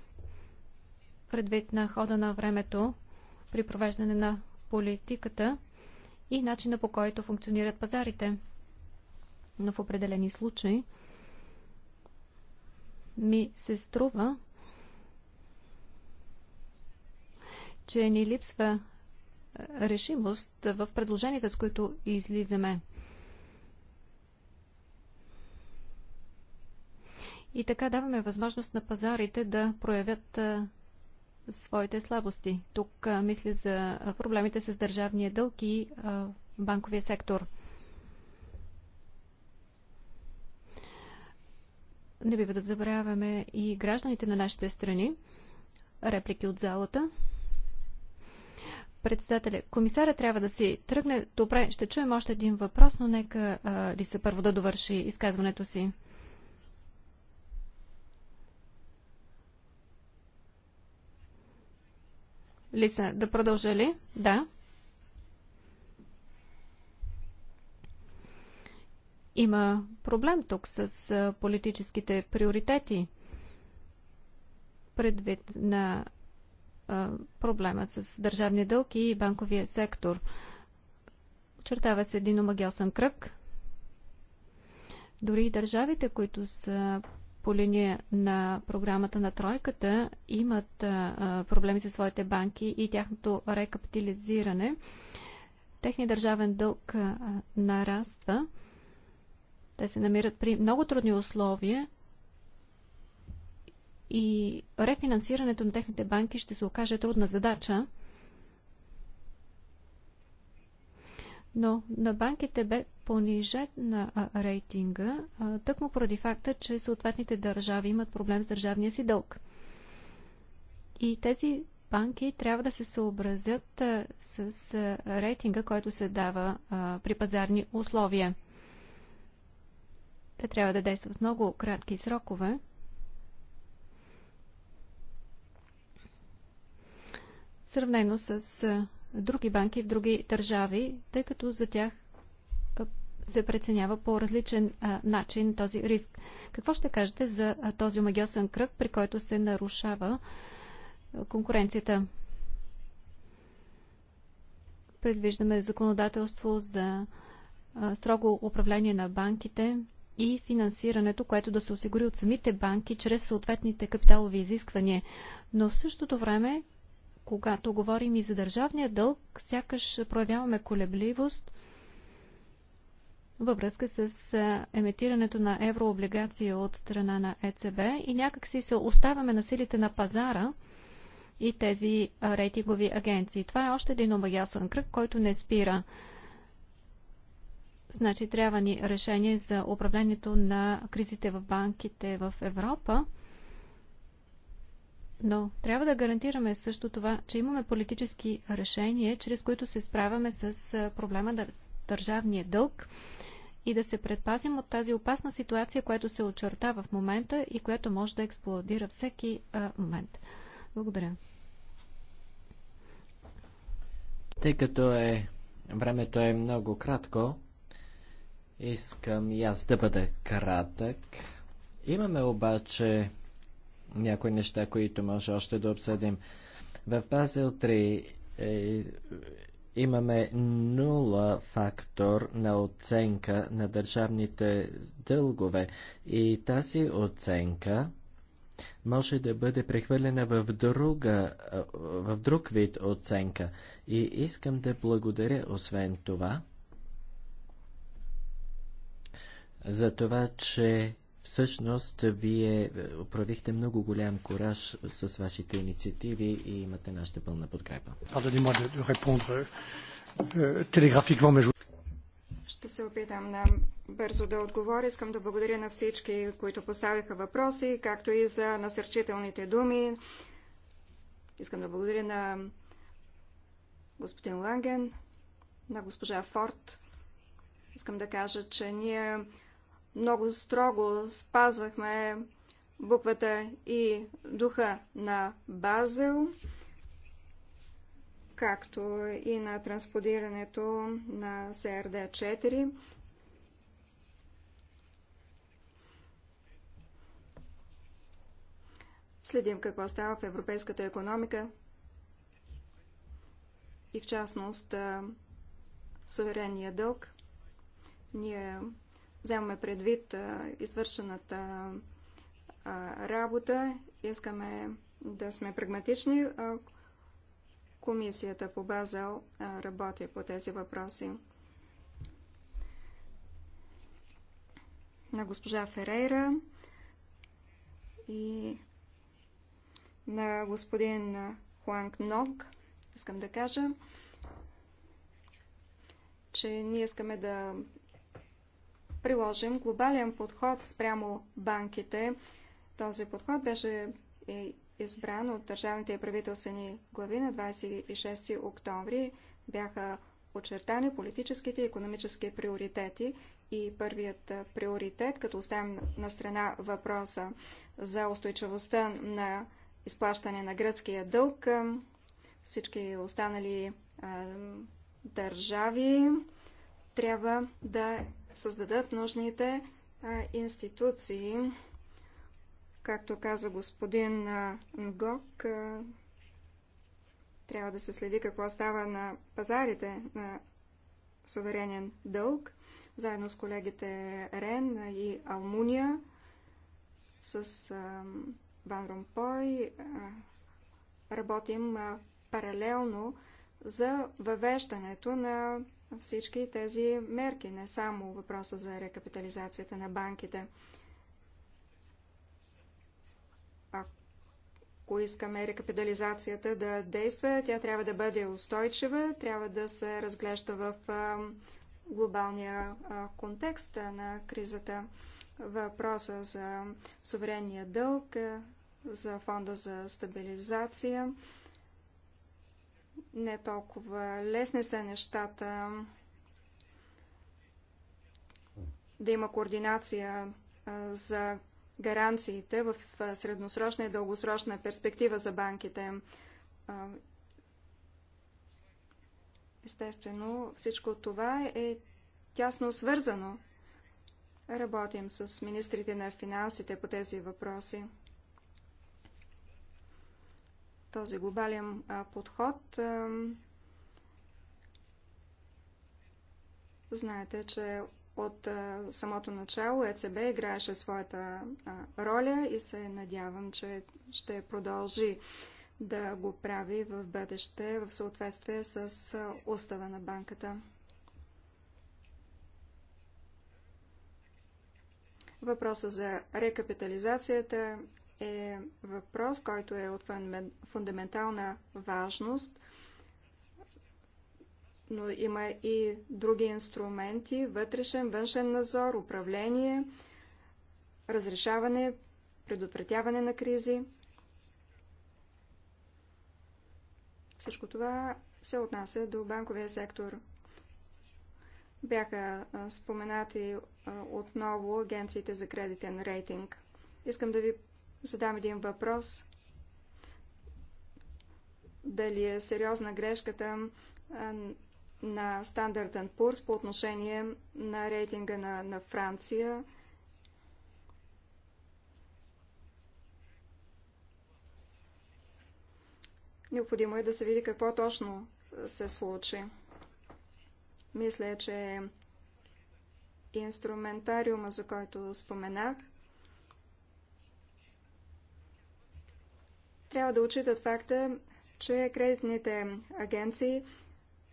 Speaker 1: предвид на хода на времето при провеждане на политиката и начина по който функционират пазарите. Но в определени случаи ми се струва, че ни липсва е, решимост в предложенията, с които излизаме. И така даваме възможност на пазарите да проявят е, своите слабости. Тук а, мисля за проблемите с държавния дълг и а, банковия сектор. Не бива да забравяме и гражданите на нашите страни. Реплики от залата. Председателя, комисаря трябва да си тръгне. Добре, ще чуем още един въпрос, но нека а, се първо да довърши изказването си. Лиса, да продължа ли? Да. Има проблем тук с политическите приоритети предвид на проблема с държавния дълг и банковия сектор. Очертава се един омагелсен кръг. Дори и държавите, които са по линия на програмата на тройката имат проблеми със своите банки и тяхното рекапитализиране. Техният държавен дълг нараства. Те се намират при много трудни условия и рефинансирането на техните банки ще се окаже трудна задача. но на банките бе понижен на рейтинга, тъкмо поради факта, че съответните държави имат проблем с държавния си дълг. И тези банки трябва да се съобразят с рейтинга, който се дава при пазарни условия. Те трябва да действат много кратки срокове. Сравнено с други банки в други държави, тъй като за тях се преценява по различен а, начин този риск. Какво ще кажете за а, този омагиосен кръг, при който се нарушава а, конкуренцията? Предвиждаме законодателство за а, строго управление на банките и финансирането, което да се осигури от самите банки чрез съответните капиталови изисквания. Но в същото време когато говорим и за държавния дълг, сякаш проявяваме колебливост във връзка с емитирането на еврооблигации от страна на ЕЦБ и някакси се оставяме на силите на пазара и тези рейтингови агенции. Това е още един обаясен кръг, който не спира. Значи трябва ни решение за управлението на кризите в банките в Европа – но трябва да гарантираме също това, че имаме политически решения, чрез които се справяме с проблема на държавния дълг и да се предпазим от тази опасна ситуация, която се очертава в момента и която може да експлодира всеки а, момент. Благодаря. Тъй като е, времето е много кратко, искам и аз да бъда кратък. Имаме обаче някои неща, които може още да обсъдим. В Базел 3 е, имаме нула фактор на оценка на държавните дългове и тази оценка може да бъде прехвърлена в, друга, в друг вид оценка. И искам да благодаря освен това за това, че Всъщност, вие е, проявихте много голям кораж с вашите инициативи и имате нашата пълна подкрепа. Euh, Ще
Speaker 2: се опитам на бързо да отговоря. Искам да благодаря на всички, които поставиха въпроси, както и за насърчителните думи. Искам да благодаря на господин Ланген, на госпожа Форд. Искам да кажа, че ние много строго спазвахме буквата и духа на Базел, както и на трансподирането на СРД-4. Следим какво става в европейската економика и в частност суверенния дълг. Ние вземаме предвид извършената работа, искаме да сме прагматични. Комисията по Базел работи по тези въпроси. На госпожа Ферейра и на господин Хуанг Ног искам да кажа, че ние искаме да приложим глобален подход спрямо банките. Този подход беше избран от държавните и правителствени глави на 26 октомври. Бяха очертани политическите и економически приоритети и първият приоритет, като оставим на страна въпроса за устойчивостта на изплащане на гръцкия дълг, всички останали а, държави трябва да създадат нужните институции. Както каза господин Нгок, трябва да се следи какво става на пазарите на суверенен дълг, заедно с колегите Рен и Алмуния, с Ван Ромпой, работим паралелно за въвеждането на всички тези мерки, не само въпроса за рекапитализацията на банките. Ако искаме рекапитализацията да действа, тя трябва да бъде устойчива, трябва да се разглежда в глобалния контекст на кризата. Въпроса за суверенния дълг, за фонда за стабилизация – не толкова лесни са нещата да има координация за гаранциите в средносрочна и дългосрочна перспектива за банките. Естествено, всичко това е тясно свързано. Работим с министрите на финансите по тези въпроси този глобален подход. Знаете, че от самото начало ЕЦБ играеше своята роля и се надявам, че ще продължи да го прави в бъдеще в съответствие с устава на банката. Въпроса за рекапитализацията е въпрос, който е от фундаментална важност, но има и други инструменти, вътрешен, външен надзор, управление, разрешаване, предотвратяване на кризи. Всичко това се отнася до банковия сектор. Бяха споменати отново агенциите за кредитен рейтинг. Искам да ви задам един въпрос. Дали е сериозна грешката на Standard Poor's по отношение на рейтинга на, на Франция? Необходимо е да се види какво точно се случи. Мисля, че инструментариума, за който споменах, трябва да отчитат факта, че кредитните агенции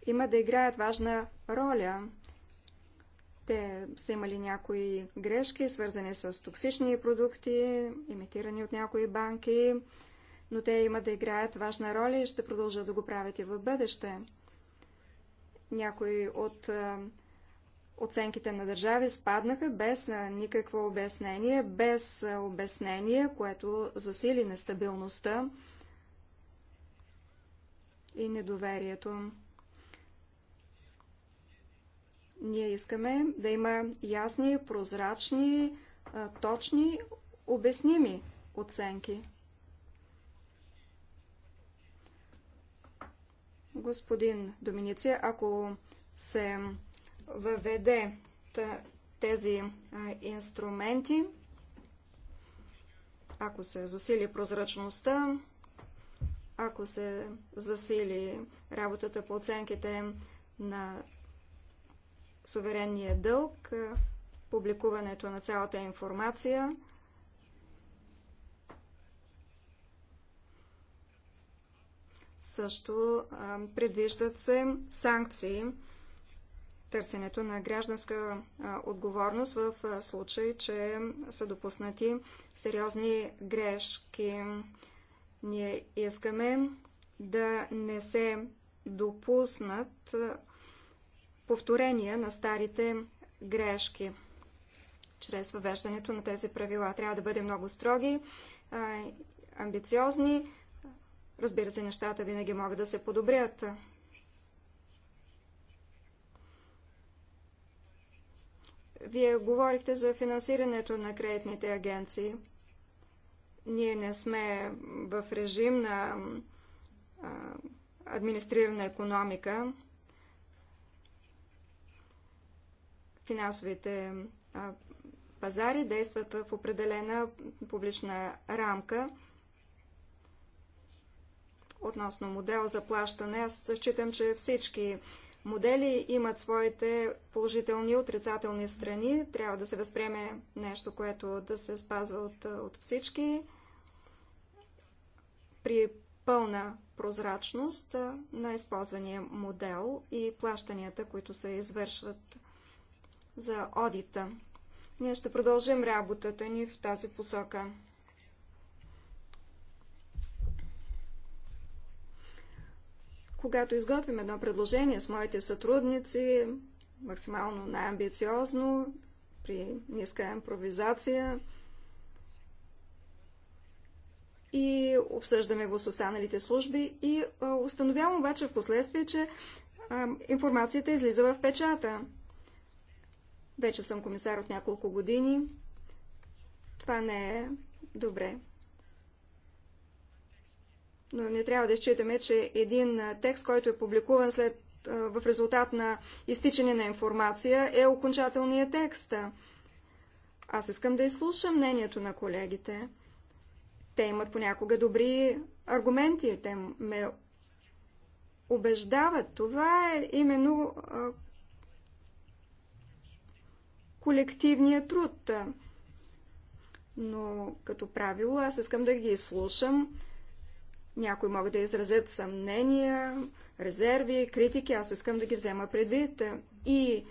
Speaker 2: има да играят важна роля. Те са имали някои грешки, свързани с токсични продукти, имитирани от някои банки, но те имат да играят важна роля и ще продължат да го правят и в бъдеще. Някои от оценките на държави спаднаха без никакво обяснение, без обяснение, което засили нестабилността и недоверието. Ние искаме да има ясни, прозрачни, точни, обясними оценки. Господин Доминици, ако се въведе тези инструменти, ако се засили прозрачността, ако се засили работата по оценките на суверенния дълг, публикуването на цялата информация, също предвиждат се санкции търсенето на гражданска отговорност в случай, че са допуснати сериозни грешки. Ние искаме да не се допуснат повторения на старите грешки чрез въвеждането на тези правила. Трябва да бъдем много строги, амбициозни. Разбира се, нещата винаги могат да се подобрят. Вие говорихте за финансирането на кредитните агенции. Ние не сме в режим на администрирана економика. Финансовите пазари действат в определена публична рамка. Относно модел за плащане, аз считам, че всички модели имат своите положителни и отрицателни страни. Трябва да се възприеме нещо, което да се спазва от, от всички при пълна прозрачност на използвания модел и плащанията, които се извършват за одита. Ние ще продължим работата ни в тази посока. когато изготвим едно предложение с моите сътрудници, максимално най-амбициозно, при ниска импровизация, и обсъждаме го с останалите служби и установявам обаче в последствие, че информацията излиза в печата. Вече съм комисар от няколко години. Това не е добре но не трябва да изчитаме, че един текст, който е публикуван след, в резултат на изтичане на информация, е окончателният текст. Аз искам да изслушам мнението на колегите. Те имат понякога добри аргументи, те ме убеждават. Това е именно а, колективният труд. Но като правило аз искам да ги изслушам. Някои могат да изразят съмнения, резерви, критики. Аз искам да ги взема предвид. И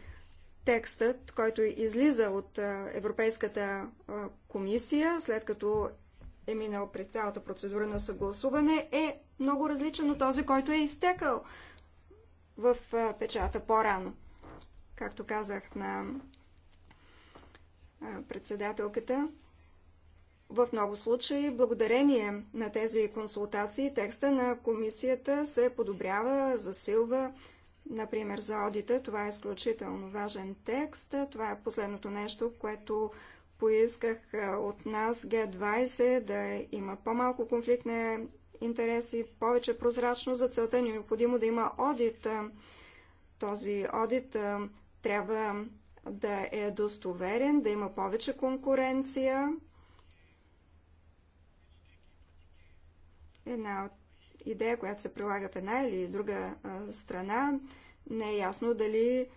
Speaker 2: текстът, който излиза от Европейската комисия, след като е минал през цялата процедура на съгласуване, е много различен от този, който е изтекал в печата по-рано. Както казах на председателката, в много случаи, благодарение на тези консултации, текста на комисията се подобрява, засилва, например, за одита. Това е изключително важен текст. Това е последното нещо, което поисках от нас Г20 да има по-малко конфликт на интереси, повече прозрачно. За целта е необходимо да има одит. Този одит трябва да е достоверен, да има повече конкуренция една идея, която се прилага в една или друга страна, не е ясно дали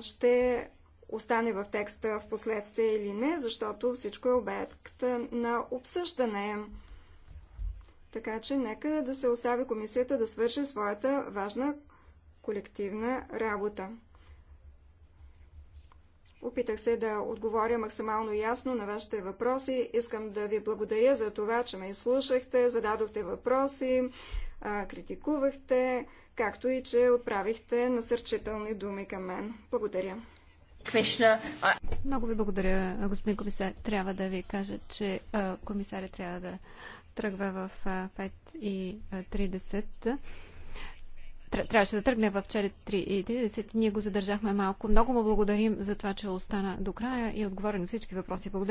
Speaker 2: ще остане в текста в последствие или не, защото всичко е обект на обсъждане. Така че нека да се остави комисията да свърши своята важна колективна работа. Опитах се да отговоря максимално ясно на вашите въпроси. Искам да ви благодаря за това, че ме изслушахте, зададохте въпроси, критикувахте, както и че отправихте насърчителни думи към мен. Благодаря.
Speaker 1: Много ви благодаря, господин комисар. Трябва да ви кажа, че комисаря трябва да тръгва в 5.30 трябваше да тръгне в 4.30. Ние го задържахме малко. Много му благодарим за това, че остана до края и отговори на всички въпроси. Благодаря.